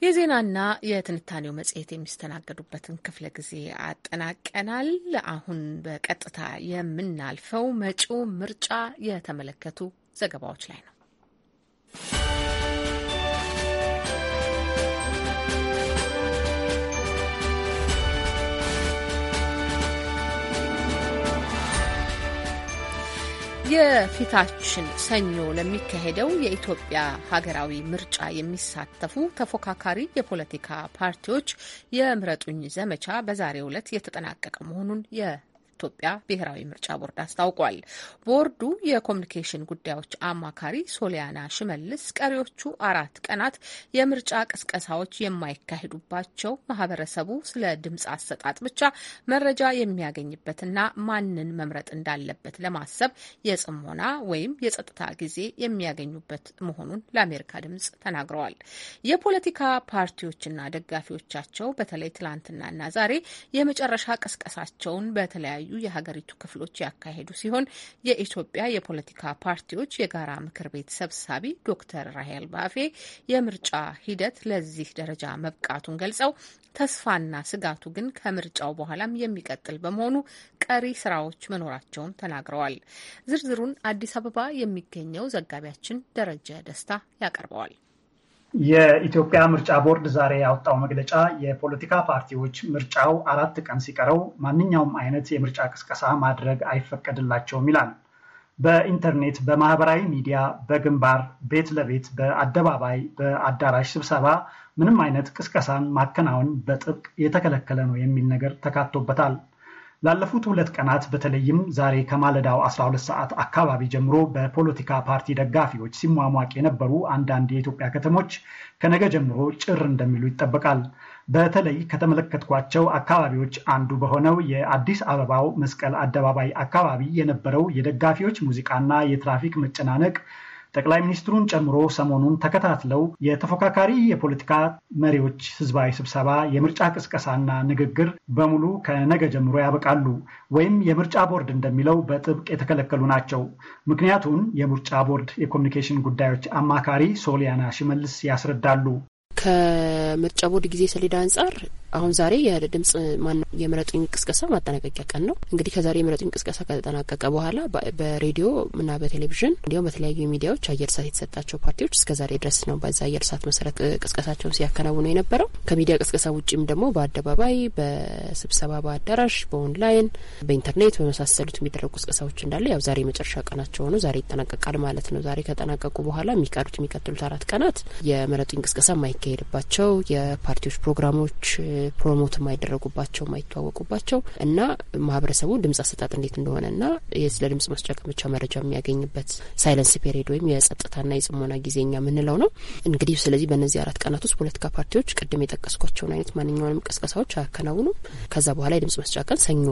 የዜናና የትንታኔው መጽሔት የሚስተናገዱበትን ክፍለ ጊዜ አጠናቀናል። አሁን በቀጥታ የምናልፈው መጪው ምርጫ የተመለከቱ ዘገባዎች ላይ ነው። የፊታችን ሰኞ ለሚካሄደው የኢትዮጵያ ሀገራዊ ምርጫ የሚሳተፉ ተፎካካሪ የፖለቲካ ፓርቲዎች የምረጡኝ ዘመቻ በዛሬው ዕለት የተጠናቀቀ መሆኑን የኢትዮጵያ ብሔራዊ ምርጫ ቦርድ አስታውቋል። ቦርዱ የኮሚኒኬሽን ጉዳዮች አማካሪ ሶሊያና ሽመልስ ቀሪዎቹ አራት ቀናት የምርጫ ቅስቀሳዎች የማይካሄዱባቸው ማህበረሰቡ ስለ ድምፅ አሰጣጥ ብቻ መረጃ የሚያገኝበትና ማንን መምረጥ እንዳለበት ለማሰብ የጽሞና ወይም የጸጥታ ጊዜ የሚያገኙበት መሆኑን ለአሜሪካ ድምጽ ተናግረዋል። የፖለቲካ ፓርቲዎችና ደጋፊዎቻቸው በተለይ ትላንትናና ዛሬ የመጨረሻ ቅስቀሳቸውን በተለያዩ በተለያዩ የሀገሪቱ ክፍሎች ያካሄዱ ሲሆን የኢትዮጵያ የፖለቲካ ፓርቲዎች የጋራ ምክር ቤት ሰብሳቢ ዶክተር ራሄል ባፌ የምርጫ ሂደት ለዚህ ደረጃ መብቃቱን ገልጸው ተስፋና ስጋቱ ግን ከምርጫው በኋላም የሚቀጥል በመሆኑ ቀሪ ስራዎች መኖራቸውን ተናግረዋል። ዝርዝሩን አዲስ አበባ የሚገኘው ዘጋቢያችን ደረጀ ደስታ ያቀርበዋል። የኢትዮጵያ ምርጫ ቦርድ ዛሬ ያወጣው መግለጫ የፖለቲካ ፓርቲዎች ምርጫው አራት ቀን ሲቀረው ማንኛውም አይነት የምርጫ ቅስቀሳ ማድረግ አይፈቀድላቸውም ይላል። በኢንተርኔት፣ በማህበራዊ ሚዲያ፣ በግንባር፣ ቤት ለቤት፣ በአደባባይ፣ በአዳራሽ ስብሰባ ምንም አይነት ቅስቀሳን ማከናወን በጥብቅ የተከለከለ ነው የሚል ነገር ተካቶበታል። ላለፉት ሁለት ቀናት በተለይም ዛሬ ከማለዳው 12 ሰዓት አካባቢ ጀምሮ በፖለቲካ ፓርቲ ደጋፊዎች ሲሟሟቅ የነበሩ አንዳንድ የኢትዮጵያ ከተሞች ከነገ ጀምሮ ጭር እንደሚሉ ይጠበቃል። በተለይ ከተመለከትኳቸው አካባቢዎች አንዱ በሆነው የአዲስ አበባው መስቀል አደባባይ አካባቢ የነበረው የደጋፊዎች ሙዚቃና የትራፊክ መጨናነቅ ጠቅላይ ሚኒስትሩን ጨምሮ ሰሞኑን ተከታትለው የተፎካካሪ የፖለቲካ መሪዎች ህዝባዊ ስብሰባ፣ የምርጫ ቅስቀሳና ንግግር በሙሉ ከነገ ጀምሮ ያበቃሉ ወይም የምርጫ ቦርድ እንደሚለው በጥብቅ የተከለከሉ ናቸው። ምክንያቱን የምርጫ ቦርድ የኮሚኒኬሽን ጉዳዮች አማካሪ ሶሊያና ሽመልስ ያስረዳሉ። ከምርጫ ቦርድ ጊዜ ሰሌዳ አንጻር አሁን ዛሬ የድምጽ ማን የምረጡኝ ቅስቀሳ ማጠናቀቂያ ቀን ነው። እንግዲህ ከዛሬ የምረጡኝ ቅስቀሳ ከተጠናቀቀ በኋላ በሬዲዮ እና በቴሌቪዥን እንዲሁም በተለያዩ ሚዲያዎች አየር ሰዓት የተሰጣቸው ፓርቲዎች እስከ ዛሬ ድረስ ነው በዛ አየር ሰዓት መሰረት ቅስቀሳቸውን ሲያከናውኑ የነበረው። ከሚዲያ ቅስቀሳ ውጭም ደግሞ በአደባባይ፣ በስብሰባ፣ በአዳራሽ፣ በኦንላይን፣ በኢንተርኔት በመሳሰሉት የሚደረጉ ቅስቀሳዎች እንዳለ ያው ዛሬ መጨረሻ ቀናቸው ሆኖ ዛሬ ይጠናቀቃል ማለት ነው። ዛሬ ከጠናቀቁ በኋላ የሚቀሩት የሚቀጥሉት አራት ቀናት የምረጡኝ ቅስቀሳ ማይ የሚካሄድባቸው የፓርቲዎች ፕሮግራሞች ፕሮሞት የማይደረጉባቸው የማይተዋወቁባቸው እና ማህበረሰቡ ድምጽ አሰጣጥ እንዴት እንደሆነ ና ስለ ድምጽ መስጫ ቀመቻ መረጃ የሚያገኝበት ሳይለንስ ፔሪድ ወይም የጸጥታና የጽሞና ጊዜኛ የምንለው ነው። እንግዲህ ስለዚህ በእነዚህ አራት ቀናት ውስጥ ፖለቲካ ፓርቲዎች ቅድም የጠቀስኳቸውን አይነት ማንኛውንም ቀስቀሳዎች አያከናውኑም። ከዛ በኋላ የድምጽ መስጫ ቀን ሰኞ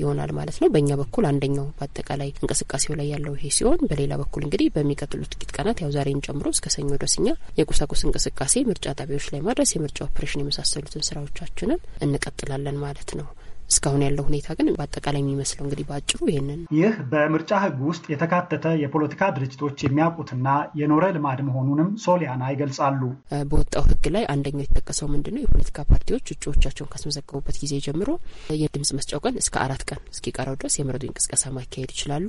ይሆናል ማለት ነው። በእኛ በኩል አንደኛው በአጠቃላይ እንቅስቃሴው ላይ ያለው ይሄ ሲሆን፣ በሌላ በኩል እንግዲህ በሚቀጥሉት ጥቂት ቀናት ያው ዛሬን ጨምሮ እስከ ሰኞ ድረስ እኛ የቁሳቁስ እንቅስቃሴ ምርጫ ጣቢያዎች ላይ ማድረስ፣ የምርጫ ኦፕሬሽን የመሳሰሉትን ስራዎቻችንን እንቀጥላለን ማለት ነው። እስካሁን ያለው ሁኔታ ግን በአጠቃላይ የሚመስለው እንግዲህ በአጭሩ ይህንን ይህ በምርጫ ህግ ውስጥ የተካተተ የፖለቲካ ድርጅቶች የሚያውቁትና የኖረ ልማድ መሆኑንም ሶሊያና ይገልጻሉ። በወጣው ህግ ላይ አንደኛው የተጠቀሰው ምንድነው የፖለቲካ ፓርቲዎች እጩዎቻቸውን ካስመዘገቡበት ጊዜ ጀምሮ የድምጽ መስጫው ቀን እስከ አራት ቀን እስኪቀረው ድረስ የምረጡኝ እንቅስቀሳ ማካሄድ ይችላሉ።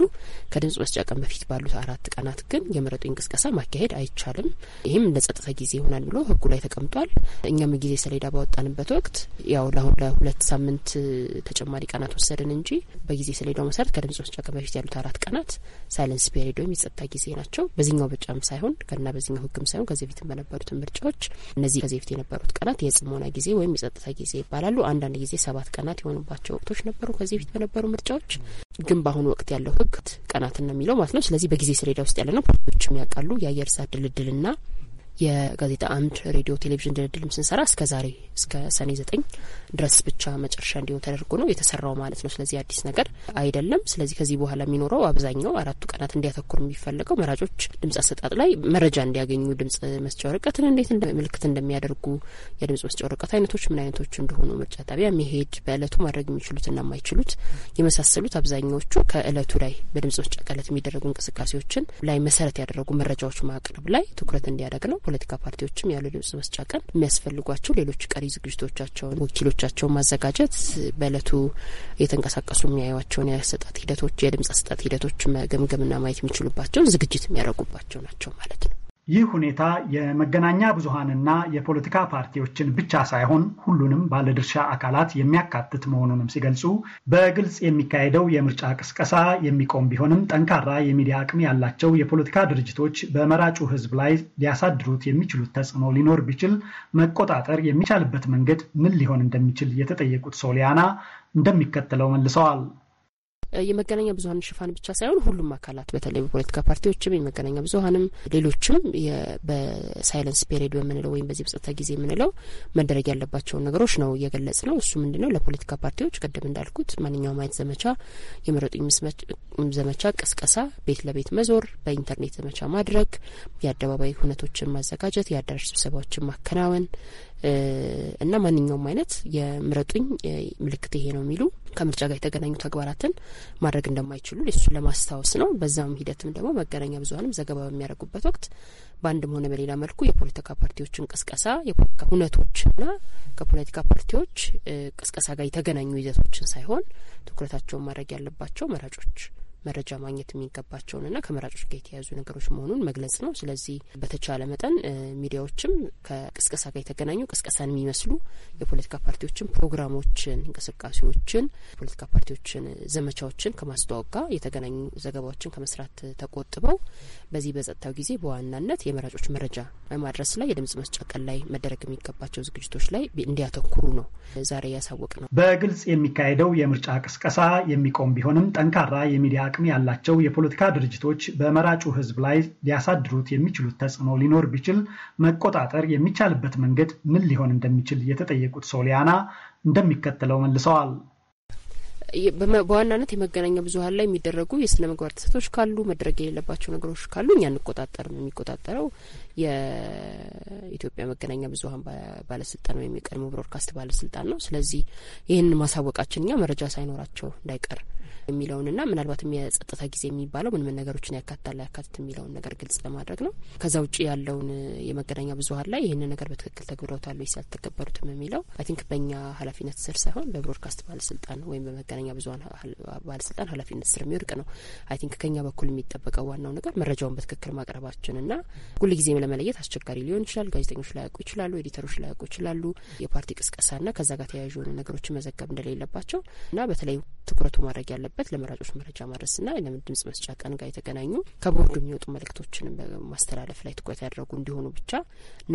ከድምጽ መስጫ ቀን በፊት ባሉት አራት ቀናት ግን የምረጡኝ እንቅስቀሳ ማካሄድ አይቻልም። ይህም ለጸጥታ ጊዜ ይሆናል ብሎ ህጉ ላይ ተቀምጧል። እኛም ጊዜ ሰሌዳ ባወጣንበት ወቅት ያው ለሁለት ሳምንት ተጨማሪ ቀናት ወሰድን እንጂ በጊዜ ሰሌዳው መሰረት ከድምጽ መስጫ ቀን በፊት ያሉት አራት ቀናት ሳይለንስ ፔሪድ ወይም የጸጥታ ጊዜ ናቸው። በዚህኛው ብቻም ሳይሆን ከና በዚህኛው ህግም ሳይሆን ከዚህ በፊት በነበሩት ምርጫዎች እነዚህ ከዚህ በፊት የነበሩት ቀናት የጽሞና ጊዜ ወይም የጸጥታ ጊዜ ይባላሉ። አንዳንድ ጊዜ ሰባት ቀናት የሆኑባቸው ወቅቶች ነበሩ ከዚህ በፊት በነበሩ ምርጫዎች። ግን በአሁኑ ወቅት ያለው ህግ ቀናትን ነው የሚለው ማለት ነው። ስለዚህ በጊዜ ሰሌዳ ውስጥ ያለ ነው። ፖሊሶችም ያውቃሉ የአየር ሰዓት ድልድልና የጋዜጣ አምድ ሬዲዮ ቴሌቪዥን ድልድልም ስንሰራ እስከ ዛሬ እስከ ሰኔ ዘጠኝ ድረስ ብቻ መጨረሻ እንዲሆን ተደርጎ ነው የተሰራው ማለት ነው። ስለዚህ አዲስ ነገር አይደለም። ስለዚህ ከዚህ በኋላ የሚኖረው አብዛኛው አራቱ ቀናት እንዲያተኩር የሚፈለገው መራጮች ድምጽ አሰጣጥ ላይ መረጃ እንዲያገኙ ድምጽ መስጫ ወረቀትን እንዴት ምልክት እንደሚያደርጉ፣ የድምጽ መስጫ ወረቀት አይነቶች ምን አይነቶች እንደሆኑ፣ ምርጫ ጣቢያ መሄድ፣ በእለቱ ማድረግ የሚችሉትና የማይችሉት የመሳሰሉት አብዛኛዎቹ ከእለቱ ላይ በድምጽ መስጫ ቀለት የሚደረጉ እንቅስቃሴዎችን ላይ መሰረት ያደረጉ መረጃዎች ማቅረብ ላይ ትኩረት እንዲያደርግ ነው። ፖለቲካ ፓርቲዎችም ያሉ ድምጽ መስጫ ቀን የሚያስፈልጓቸው ሌሎች ቀሪ ዝግጅቶቻቸውን ወኪሎቻቸውን ማዘጋጀት፣ በእለቱ የተንቀሳቀሱ የሚያዩቸውን የአሰጣጥ ሂደቶች የድምጽ አሰጣጥ ሂደቶች መገምገምና ማየት የሚችሉባቸውን ዝግጅት የሚያደርጉባቸው ናቸው ማለት ነው። ይህ ሁኔታ የመገናኛ ብዙሃንና የፖለቲካ ፓርቲዎችን ብቻ ሳይሆን ሁሉንም ባለድርሻ አካላት የሚያካትት መሆኑንም ሲገልጹ በግልጽ የሚካሄደው የምርጫ ቅስቀሳ የሚቆም ቢሆንም ጠንካራ የሚዲያ አቅም ያላቸው የፖለቲካ ድርጅቶች በመራጩ ሕዝብ ላይ ሊያሳድሩት የሚችሉት ተጽዕኖ ሊኖር ቢችል መቆጣጠር የሚቻልበት መንገድ ምን ሊሆን እንደሚችል የተጠየቁት ሶሊያና እንደሚከተለው መልሰዋል። የመገናኛ ብዙሀን ሽፋን ብቻ ሳይሆን ሁሉም አካላት በተለይ በፖለቲካ ፓርቲዎችም የመገናኛ ብዙሀንም ሌሎችም በሳይለንስ ፔሪድ በምንለው ወይም በዚህ ብጽታ ጊዜ የምንለው መደረግ ያለባቸውን ነገሮች ነው እየገለጽ ነው። እሱ ምንድነው ለፖለቲካ ፓርቲዎች ቅድም እንዳልኩት ማንኛውም አይነት ዘመቻ፣ የምረጡኝ ዘመቻ፣ ቅስቀሳ፣ ቤት ለቤት መዞር፣ በኢንተርኔት ዘመቻ ማድረግ፣ የአደባባይ ሁነቶችን ማዘጋጀት፣ የአዳራሽ ስብሰባዎችን ማከናወን እና ማንኛውም አይነት የምረጡኝ ምልክት ይሄ ነው የሚሉ ከምርጫ ጋር የተገናኙ ተግባራትን ማድረግ እንደማይችሉ እሱን ለማስታወስ ነው። በዛም ሂደትም ደግሞ መገናኛ ብዙሀንም ዘገባ በሚያደርጉበት ወቅት በአንድም ሆነ በሌላ መልኩ የፖለቲካ ፓርቲዎችን ቅስቀሳ፣ የፖለቲካ እውነቶችና ከፖለቲካ ፓርቲዎች ቅስቀሳ ጋር የተገናኙ ይዘቶችን ሳይሆን ትኩረታቸውን ማድረግ ያለባቸው መራጮች መረጃ ማግኘት የሚገባቸውንና ከመራጮች ጋር የተያዙ ነገሮች መሆኑን መግለጽ ነው። ስለዚህ በተቻለ መጠን ሚዲያዎችም ከቅስቀሳ ጋር የተገናኙ ቅስቀሳን የሚመስሉ የፖለቲካ ፓርቲዎችን ፕሮግራሞችን፣ እንቅስቃሴዎችን፣ ፖለቲካ ፓርቲዎችን ዘመቻዎችን ከማስተዋወቅ ጋር የተገናኙ ዘገባዎችን ከመስራት ተቆጥበው በዚህ በጸጥታው ጊዜ በዋናነት የመራጮች መረጃ ማድረስ ላይ የድምጽ መስጫ ቀን ላይ መደረግ የሚገባቸው ዝግጅቶች ላይ እንዲያተኩሩ ነው ዛሬ ያሳወቅ ነው። በግልጽ የሚካሄደው የምርጫ ቅስቀሳ የሚቆም ቢሆንም ጠንካራ የሚዲያ አቅም ያላቸው የፖለቲካ ድርጅቶች በመራጩ ሕዝብ ላይ ሊያሳድሩት የሚችሉት ተጽዕኖ ሊኖር ቢችል መቆጣጠር የሚቻልበት መንገድ ምን ሊሆን እንደሚችል የተጠየቁት ሶሊያና እንደሚከተለው መልሰዋል። በዋናነት የመገናኛ ብዙኃን ላይ የሚደረጉ የስነ ምግባር ጥሰቶች ካሉ መድረግ የሌለባቸው ነገሮች ካሉ እኛ እንቆጣጠርም። የሚቆጣጠረው የኢትዮጵያ መገናኛ ብዙኃን ባለስልጣን ወይም የቀድሞ ብሮድካስት ባለስልጣን ነው። ስለዚህ ይህን ማሳወቃችን እኛ መረጃ ሳይኖራቸው እንዳይቀር የሚለውንና ምናልባትም የጸጥታ ጊዜ የሚባለው ምን ምን ነገሮችን ያካትታል ላያካትት የሚለውን ነገር ግልጽ ለማድረግ ነው። ከዛ ውጭ ያለውን የመገናኛ ብዙኃን ላይ ይህንን ነገር በትክክል ተግብረውታል ወይስ ያልተገበሩትም የሚለው አይ ቲንክ በእኛ ኃላፊነት ስር ሳይሆን በብሮድካስት ባለስልጣን ወይም በመገናኛ ብዙኃን ባለስልጣን ኃላፊነት ስር የሚወድቅ ነው። አይ ቲንክ ከኛ በኩል የሚጠበቀው ዋናው ነገር መረጃውን በትክክል ማቅረባችንና ሁልጊዜ ለመለየት አስቸጋሪ ሊሆን ይችላል። ጋዜጠኞች ላያውቁ ይችላሉ። ኤዲተሮች ላያውቁ ይችላሉ። የፓርቲ ቅስቀሳና ከዛ ጋር ተያያዥ የሆኑ ነገሮችን መዘገብ እንደሌለባቸው እና በተለይ ትኩረቱ ማድረግ ያለበት ለመራጮች መረጃ ማድረስና ለድምጽ ድምጽ መስጫ ቀን ጋር የተገናኙ ከቦርዱ የሚወጡ መልክቶችን ማስተላለፍ ላይ ትኩረት ያደረጉ እንዲሆኑ ብቻ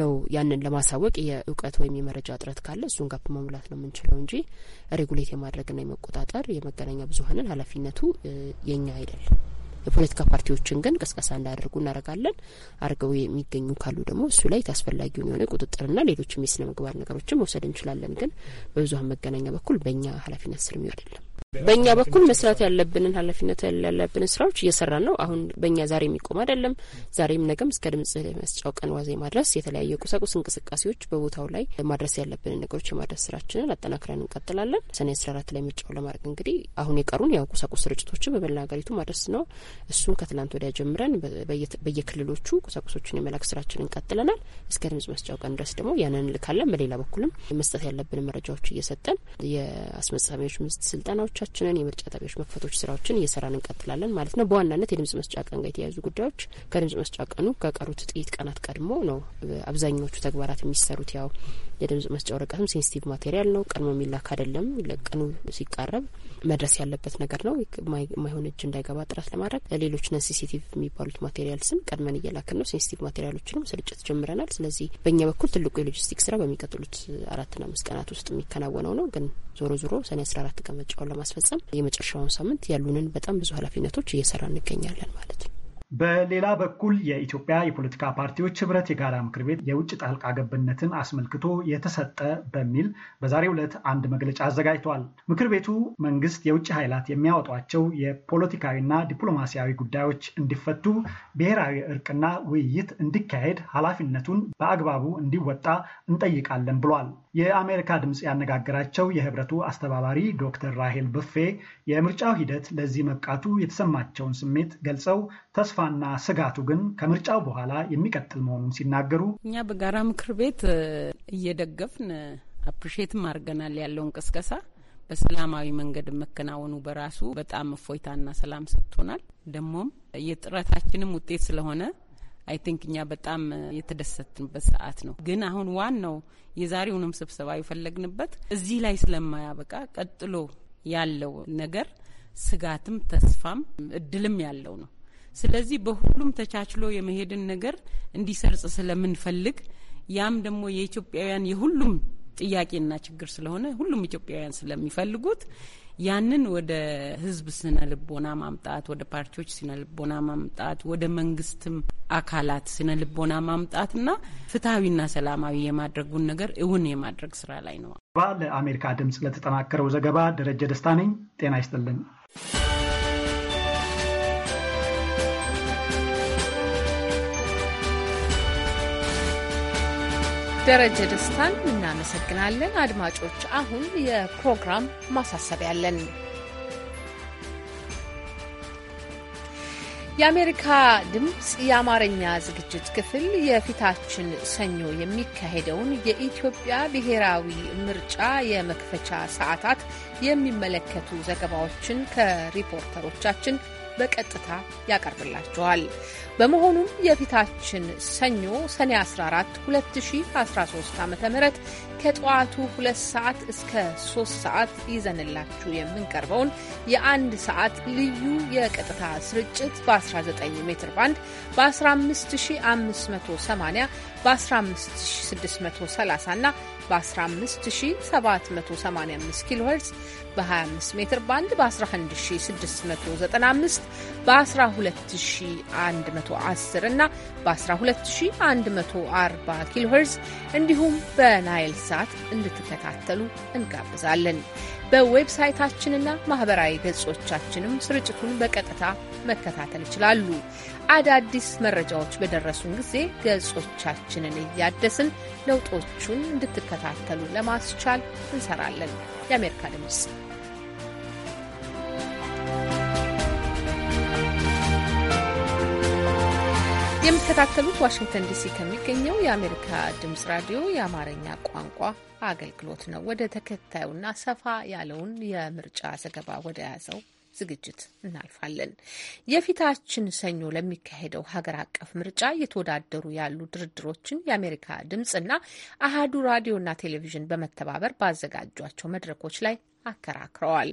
ነው። ያንን ለማሳወቅ የእውቀት ወይም የመረጃ እጥረት ካለ እሱን ጋፕ መሙላት ነው የምንችለው እንጂ ሬጉሌት የማድረግና የመቆጣጠር የመገናኛ ብዙሀንን ኃላፊነቱ የኛ አይደለም። የፖለቲካ ፓርቲዎችን ግን ቅስቀሳ እንዳያደርጉ እናደርጋለን። አድርገው የሚገኙ ካሉ ደግሞ እሱ ላይ አስፈላጊውን የሆነ ቁጥጥርና ሌሎችም የስነ ምግባር ነገሮችን መውሰድ እንችላለን። ግን በብዙሀን መገናኛ በኩል በእኛ ኃላፊነት ስር የሚው አይደለም። በእኛ በኩል መስራት ያለብንን ኃላፊነት ያለብንን ስራዎች እየሰራን ነው። አሁን በእኛ ዛሬ የሚቆም አይደለም። ዛሬም ነገም እስከ ድምጽ መስጫው ቀን ዋዜ ማድረስ የተለያዩ ቁሳቁስ እንቅስቃሴዎች በቦታው ላይ ማድረስ ያለብንን ነገሮች የማድረስ ስራችንን አጠናክረን እንቀጥላለን። ሰኔ አስራ አራት ላይ ምርጫው ለማድረግ እንግዲህ አሁን የቀሩን ያው ቁሳቁስ ስርጭቶችን በመላ ሀገሪቱ ማድረስ ነው። እሱም ከትላንት ወዲያ ጀምረን በየክልሎቹ ቁሳቁሶችን የመላክ ስራችንን ቀጥለናል። እስከ ድምጽ መስጫው ቀን ድረስ ደግሞ ያንን እንልካለን። በሌላ በኩልም መስጠት ያለብን መረጃዎች እየሰጠን የአስመጻሚዎች ምስት ስልጠናዎች ራሳችንን የምርጫ ጣቢያዎች መክፈቶች ስራዎችን እየሰራን እንቀጥላለን ማለት ነው። በዋናነት የድምጽ መስጫ ቀን ጋር የተያያዙ ጉዳዮች ከድምጽ መስጫ ቀኑ ከቀሩት ጥቂት ቀናት ቀድሞ ነው አብዛኛዎቹ ተግባራት የሚሰሩት ያው የድምጽ መስጫ ወረቀትም ሴንሲቲቭ ማቴሪያል ነው። ቀድሞ የሚላክ አይደለም። ለቀኑ ሲቃረብ መድረስ ያለበት ነገር ነው። ማይሆን እጅ እንዳይገባ ጥረት ለማድረግ ሌሎች ነን ሴንሲቲቭ የሚባሉት ማቴሪያል ስም ቀድመን እየላክን ነው። ሴንሲቲቭ ማቴሪያሎችንም ስርጭት ጀምረናል። ስለዚህ በእኛ በኩል ትልቁ የሎጂስቲክ ስራ በሚቀጥሉት አራትና አምስት ቀናት ውስጥ የሚከናወነው ነው። ግን ዞሮ ዞሮ ሰኔ አስራ አራት ቀን ለማስፈጸም የመጨረሻውን ሳምንት ያሉንን በጣም ብዙ ኃላፊነቶች እየሰራ እንገኛለን ማለት ነው። በሌላ በኩል የኢትዮጵያ የፖለቲካ ፓርቲዎች ህብረት የጋራ ምክር ቤት የውጭ ጣልቃ ገብነትን አስመልክቶ የተሰጠ በሚል በዛሬው ዕለት አንድ መግለጫ አዘጋጅቷል። ምክር ቤቱ መንግስት የውጭ ኃይላት የሚያወጧቸው የፖለቲካዊና ዲፕሎማሲያዊ ጉዳዮች እንዲፈቱ፣ ብሔራዊ እርቅና ውይይት እንዲካሄድ ኃላፊነቱን በአግባቡ እንዲወጣ እንጠይቃለን ብሏል። የአሜሪካ ድምፅ ያነጋገራቸው የህብረቱ አስተባባሪ ዶክተር ራሄል በፌ የምርጫው ሂደት ለዚህ መብቃቱ የተሰማቸውን ስሜት ገልጸው ተስፋና ስጋቱ ግን ከምርጫው በኋላ የሚቀጥል መሆኑን ሲናገሩ እኛ በጋራ ምክር ቤት እየደገፍን አፕሪሼትም አድርገናል ያለውን ቅስቀሳ በሰላማዊ መንገድ መከናወኑ በራሱ በጣም እፎይታና ሰላም ሰጥቶናል። ደግሞም የጥረታችንም ውጤት ስለሆነ አይ ቲንክ እኛ በጣም የተደሰትንበት ሰዓት ነው። ግን አሁን ዋናው የዛሬውንም ስብሰባ የፈለግንበት እዚህ ላይ ስለማያበቃ ቀጥሎ ያለው ነገር ስጋትም ተስፋም እድልም ያለው ነው። ስለዚህ በሁሉም ተቻችሎ የመሄድን ነገር እንዲሰርጽ ስለምንፈልግ ያም ደግሞ የኢትዮጵያውያን የሁሉም ጥያቄና ችግር ስለሆነ ሁሉም ኢትዮጵያውያን ስለሚፈልጉት ያንን ወደ ህዝብ ስነ ልቦና ማምጣት፣ ወደ ፓርቲዎች ስነ ልቦና ማምጣት፣ ወደ መንግስትም አካላት ስነ ልቦና ማምጣትና ፍትሐዊና ሰላማዊ የማድረጉን ነገር እውን የማድረግ ስራ ላይ ነው። ለአሜሪካ ድምፅ ለተጠናከረው ዘገባ ደረጀ ደስታ ነኝ። ጤና ይስጥልን። ደረጀ ደስታን እናመሰግናለን። አድማጮች፣ አሁን የፕሮግራም ማሳሰቢያ አለን። የአሜሪካ ድምፅ የአማርኛ ዝግጅት ክፍል የፊታችን ሰኞ የሚካሄደውን የኢትዮጵያ ብሔራዊ ምርጫ የመክፈቻ ሰዓታት የሚመለከቱ ዘገባዎችን ከሪፖርተሮቻችን በቀጥታ ያቀርብላችኋል። በመሆኑም የፊታችን ሰኞ ሰኔ 14 2013 ዓ ም ከጠዋቱ 2 ሰዓት እስከ 3 ሰዓት ይዘንላችሁ የምንቀርበውን የአንድ ሰዓት ልዩ የቀጥታ ስርጭት በ19 ሜትር ባንድ በ15580 በ15630 እና በ15785 ኪሎ ሄርዝ በ25 ሜትር ባንድ በ11695 በ12110 እና በ12140 ኪሎ ሄርዝ እንዲሁም በናይል ሳት እንድትከታተሉ እንጋብዛለን። በዌብሳይታችንና ማህበራዊ ገጾቻችንም ስርጭቱን በቀጥታ መከታተል ይችላሉ። አዳዲስ መረጃዎች በደረሱን ጊዜ ገጾቻችንን እያደስን ለውጦቹን እንድትከታተሉ ለማስቻል እንሰራለን። የአሜሪካ ድምፅ የምትከታተሉት ዋሽንግተን ዲሲ ከሚገኘው የአሜሪካ ድምፅ ራዲዮ የአማርኛ ቋንቋ አገልግሎት ነው። ወደ ተከታዩና ሰፋ ያለውን የምርጫ ዘገባ ወደ ያዘው ዝግጅት እናልፋለን። የፊታችን ሰኞ ለሚካሄደው ሀገር አቀፍ ምርጫ እየተወዳደሩ ያሉ ድርድሮችን የአሜሪካ ድምፅና አህዱ ራዲዮና ቴሌቪዥን በመተባበር ባዘጋጇቸው መድረኮች ላይ አከራክረዋል።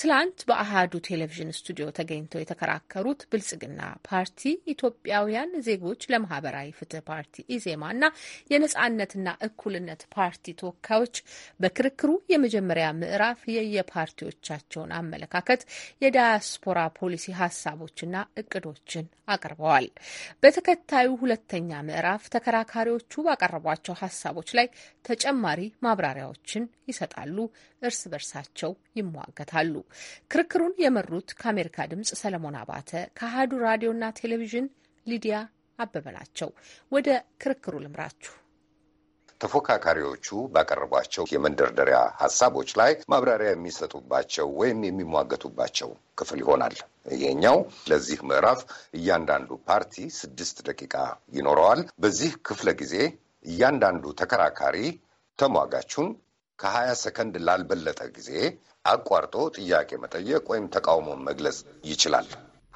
ትላንት በአሃዱ ቴሌቪዥን ስቱዲዮ ተገኝተው የተከራከሩት ብልጽግና ፓርቲ ኢትዮጵያውያን ዜጎች ለማህበራዊ ፍትህ ፓርቲ ኢዜማ ኢዜማና የነጻነትና እኩልነት ፓርቲ ተወካዮች በክርክሩ የመጀመሪያ ምዕራፍ የየፓርቲዎቻቸውን አመለካከት፣ የዳያስፖራ ፖሊሲ ሀሳቦችና እቅዶችን አቅርበዋል። በተከታዩ ሁለተኛ ምዕራፍ ተከራካሪዎቹ ባቀረቧቸው ሀሳቦች ላይ ተጨማሪ ማብራሪያዎችን ይሰጣሉ፣ እርስ በርሳቸው ይሟገታሉ። ክርክሩን የመሩት ከአሜሪካ ድምጽ ሰለሞን አባተ ከአህዱ ራዲዮና ቴሌቪዥን ሊዲያ አበበ ናቸው። ወደ ክርክሩ ልምራችሁ። ተፎካካሪዎቹ ባቀረቧቸው የመንደርደሪያ ሀሳቦች ላይ ማብራሪያ የሚሰጡባቸው ወይም የሚሟገቱባቸው ክፍል ይሆናል። ይሄኛው ለዚህ ምዕራፍ እያንዳንዱ ፓርቲ ስድስት ደቂቃ ይኖረዋል። በዚህ ክፍለ ጊዜ እያንዳንዱ ተከራካሪ ተሟጋቹን ከ ሰከንድ ላልበለጠ ጊዜ አቋርጦ ጥያቄ መጠየቅ ወይም ተቃውሞ መግለጽ ይችላል።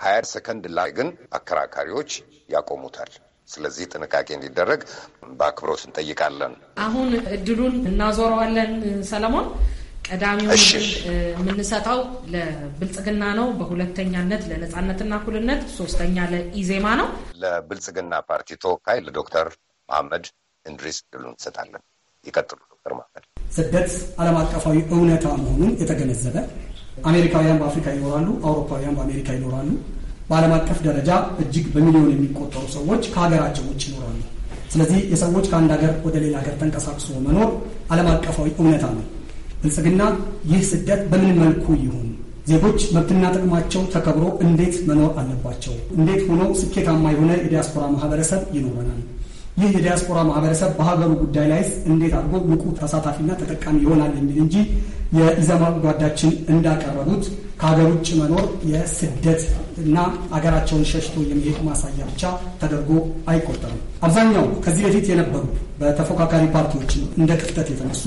ሀያ ሰከንድ ላይ ግን አከራካሪዎች ያቆሙታል። ስለዚህ ጥንቃቄ እንዲደረግ በአክብሮት እንጠይቃለን። አሁን እድሉን እናዞረዋለን። ሰለሞን፣ ቀዳሚውን የምንሰጠው ለብልጽግና ነው፣ በሁለተኛነት ለነጻነትና እኩልነት፣ ሶስተኛ ለኢዜማ ነው። ለብልጽግና ፓርቲ ተወካይ ለዶክተር መሐመድ እንድሪስ እድሉን እንሰጣለን። ይቀጥሉ ዶክተር መሐመድ ስደት ዓለም አቀፋዊ እውነታ መሆኑን የተገነዘበ አሜሪካውያን በአፍሪካ ይኖራሉ፣ አውሮፓውያን በአሜሪካ ይኖራሉ። በዓለም አቀፍ ደረጃ እጅግ በሚሊዮን የሚቆጠሩ ሰዎች ከሀገራቸው ውጭ ይኖራሉ። ስለዚህ የሰዎች ከአንድ ሀገር ወደ ሌላ ሀገር ተንቀሳቅሶ መኖር ዓለም አቀፋዊ እውነታ ነው። ብልጽግና ይህ ስደት በምን መልኩ ይሁን፣ ዜጎች መብትና ጥቅማቸው ተከብሮ እንዴት መኖር አለባቸው፣ እንዴት ሆኖ ስኬታማ የሆነ የዲያስፖራ ማህበረሰብ ይኖረናል ይህ የዲያስፖራ ማህበረሰብ በሀገሩ ጉዳይ ላይ እንዴት አድርጎ ንቁ ተሳታፊና ተጠቃሚ ይሆናል የሚል እንጂ የኢዘማ ጓዳችን እንዳቀረቡት ከሀገር ውጭ መኖር የስደት እና አገራቸውን ሸሽቶ የሚሄድ ማሳያ ብቻ ተደርጎ አይቆጠርም። አብዛኛው ከዚህ በፊት የነበሩ በተፎካካሪ ፓርቲዎች እንደ ክፍተት የተነሱ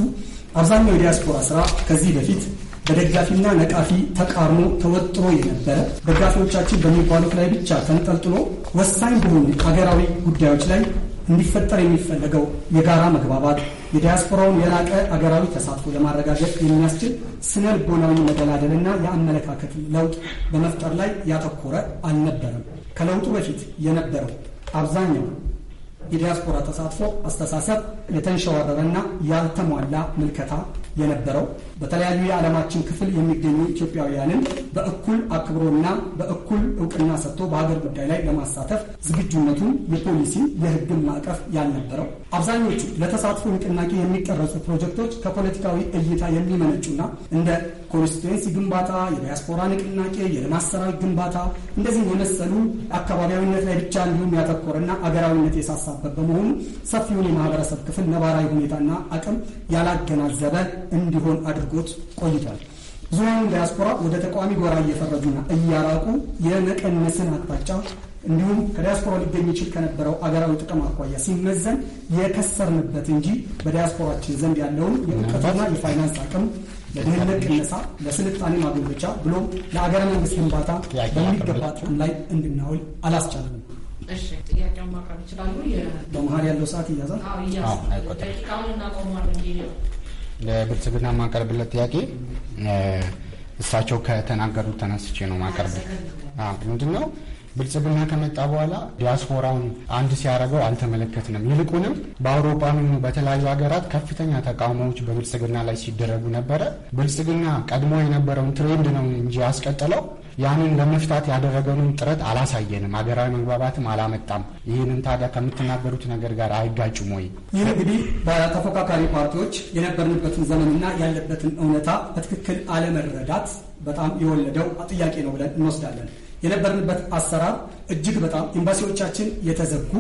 አብዛኛው የዲያስፖራ ስራ ከዚህ በፊት በደጋፊና ነቃፊ ተቃርኖ ተወጥሮ የነበረ ደጋፊዎቻችን በሚባሉት ላይ ብቻ ተንጠልጥሎ ወሳኝ በሆኑ ሀገራዊ ጉዳዮች ላይ እንዲፈጠር የሚፈለገው የጋራ መግባባት የዲያስፖራውን የላቀ አገራዊ ተሳትፎ ለማረጋገጥ የሚያስችል ስነ ልቦናዊ መደላደልና የአመለካከት ለውጥ በመፍጠር ላይ ያተኮረ አልነበረም። ከለውጡ በፊት የነበረው አብዛኛው የዲያስፖራ ተሳትፎ አስተሳሰብ የተንሸዋረረና ያልተሟላ ምልከታ የነበረው በተለያዩ የዓለማችን ክፍል የሚገኙ ኢትዮጵያውያንን በእኩል አክብሮና በእኩል እውቅና ሰጥቶ በሀገር ጉዳይ ላይ ለማሳተፍ ዝግጁነቱን የፖሊሲ የሕግን ማዕቀፍ ያልነበረው አብዛኞቹ ለተሳትፎ ንቅናቄ የሚቀረጹ ፕሮጀክቶች ከፖለቲካዊ እይታ የሚመነጩና እንደ ኮንስቲቱንሲ ግንባታ፣ የዲያስፖራ ንቅናቄ፣ የልማት ሰራዊት ግንባታ እንደዚህ የመሰሉ አካባቢያዊነት ላይ ብቻ እንዲሁም ያተኮረና አገራዊነት የሳሳበት በመሆኑ ሰፊውን የማህበረሰብ ክፍል ነባራዊ ሁኔታና አቅም ያላገናዘበ እንዲሆን አድርጎት ቆይቷል። ብዙሀኑ ዲያስፖራ ወደ ተቃዋሚ ጎራ እየፈረጁና እያራቁ የመቀነስን አቅጣጫ እንዲሁም ከዲያስፖራ ሊገኝ ይችል ከነበረው አገራዊ ጥቅም አኳያ ሲመዘን የከሰርንበት እንጂ በዲያስፖራችን ዘንድ ያለውን የእውቀቱና የፋይናንስ አቅም ለድህነት ቅነሳ፣ ለስልጣኔ ማጎልበቻ ብሎም ለአገረ መንግስት ግንባታ በሚገባ ጥቅም ላይ እንድናውል አላስቻለንም። በመሀል ያለው ሰዓት እያዛል ደቂቃውን ለብልጽግና ጥያቄ እሳቸው ከተናገሩት ተነስቼ ነው ማቀርብ ምንድን ነው ብልጽግና ከመጣ በኋላ ዲያስፖራውን አንድ ሲያደርገው አልተመለከትንም። ይልቁንም በአውሮፓም በተለያዩ ሀገራት ከፍተኛ ተቃውሞዎች በብልጽግና ላይ ሲደረጉ ነበረ። ብልጽግና ቀድሞ የነበረውን ትሬንድ ነው እንጂ ያስቀጠለው ያንን ለመፍታት ያደረገውንም ጥረት አላሳየንም። ሀገራዊ መግባባትም አላመጣም። ይህንን ታዲያ ከምትናገሩት ነገር ጋር አይጋጩም ወይ? ይህ እንግዲህ በተፎካካሪ ፓርቲዎች የነበርንበትን ዘመንና ያለበትን እውነታ በትክክል አለመረዳት በጣም የወለደው ጥያቄ ነው ብለን እንወስዳለን። የነበርንበት አሰራር እጅግ በጣም ኤምባሲዎቻችን የተዘጉ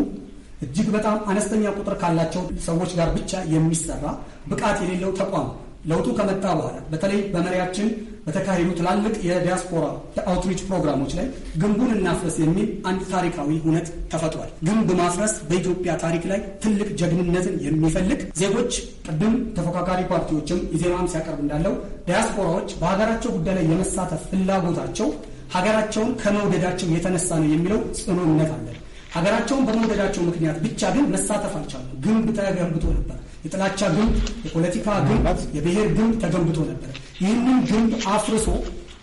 እጅግ በጣም አነስተኛ ቁጥር ካላቸው ሰዎች ጋር ብቻ የሚሰራ ብቃት የሌለው ተቋም ለውጡ ከመጣ በኋላ በተለይ በመሪያችን በተካሄዱ ትላልቅ የዲያስፖራ አውትሪች ፕሮግራሞች ላይ ግንቡን እናፍረስ የሚል አንድ ታሪካዊ እውነት ተፈጥሯል። ግንብ ማፍረስ በኢትዮጵያ ታሪክ ላይ ትልቅ ጀግንነትን የሚፈልግ ዜጎች፣ ቅድም ተፎካካሪ ፓርቲዎችም ኢዜማም ሲያቀርብ እንዳለው ዲያስፖራዎች በሀገራቸው ጉዳይ ላይ የመሳተፍ ፍላጎታቸው ሀገራቸውን ከመውደዳቸው የተነሳ ነው የሚለው ጽኑ እምነት አለን። ሀገራቸውን በመውደዳቸው ምክንያት ብቻ ግን መሳተፍ አልቻሉ። ግንብ ተገንብቶ ነበር። የጥላቻ ግንብ፣ የፖለቲካ ግንብ፣ የብሔር ግንብ ተገንብቶ ነበር። ይህንን ግንብ አፍርሶ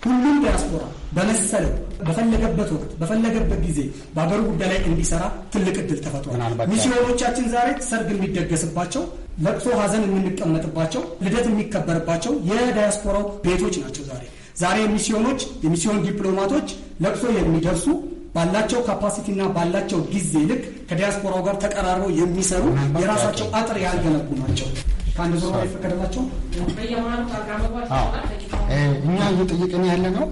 ሁሉም ዲያስፖራ በመሰለው በፈለገበት ወቅት በፈለገበት ጊዜ በሀገሩ ጉዳይ ላይ እንዲሰራ ትልቅ እድል ተፈጥሯል። ሚስዮኖቻችን ዛሬ ሰርግ የሚደገስባቸው፣ ለቅሶ ሀዘን የምንቀመጥባቸው፣ ልደት የሚከበርባቸው የዳያስፖራው ቤቶች ናቸው ዛሬ ዛሬ ሚስዮኖች የሚስዮን ዲፕሎማቶች ለቅሶ የሚደርሱ ባላቸው ካፓሲቲና ባላቸው ጊዜ ልክ ከዲያስፖራው ጋር ተቀራርበው የሚሰሩ የራሳቸው አጥር ያልገነቡ ናቸው። ከአንድ ዞሮ የፈቀደላቸው እኛ እየጠየቅን ያለ ነው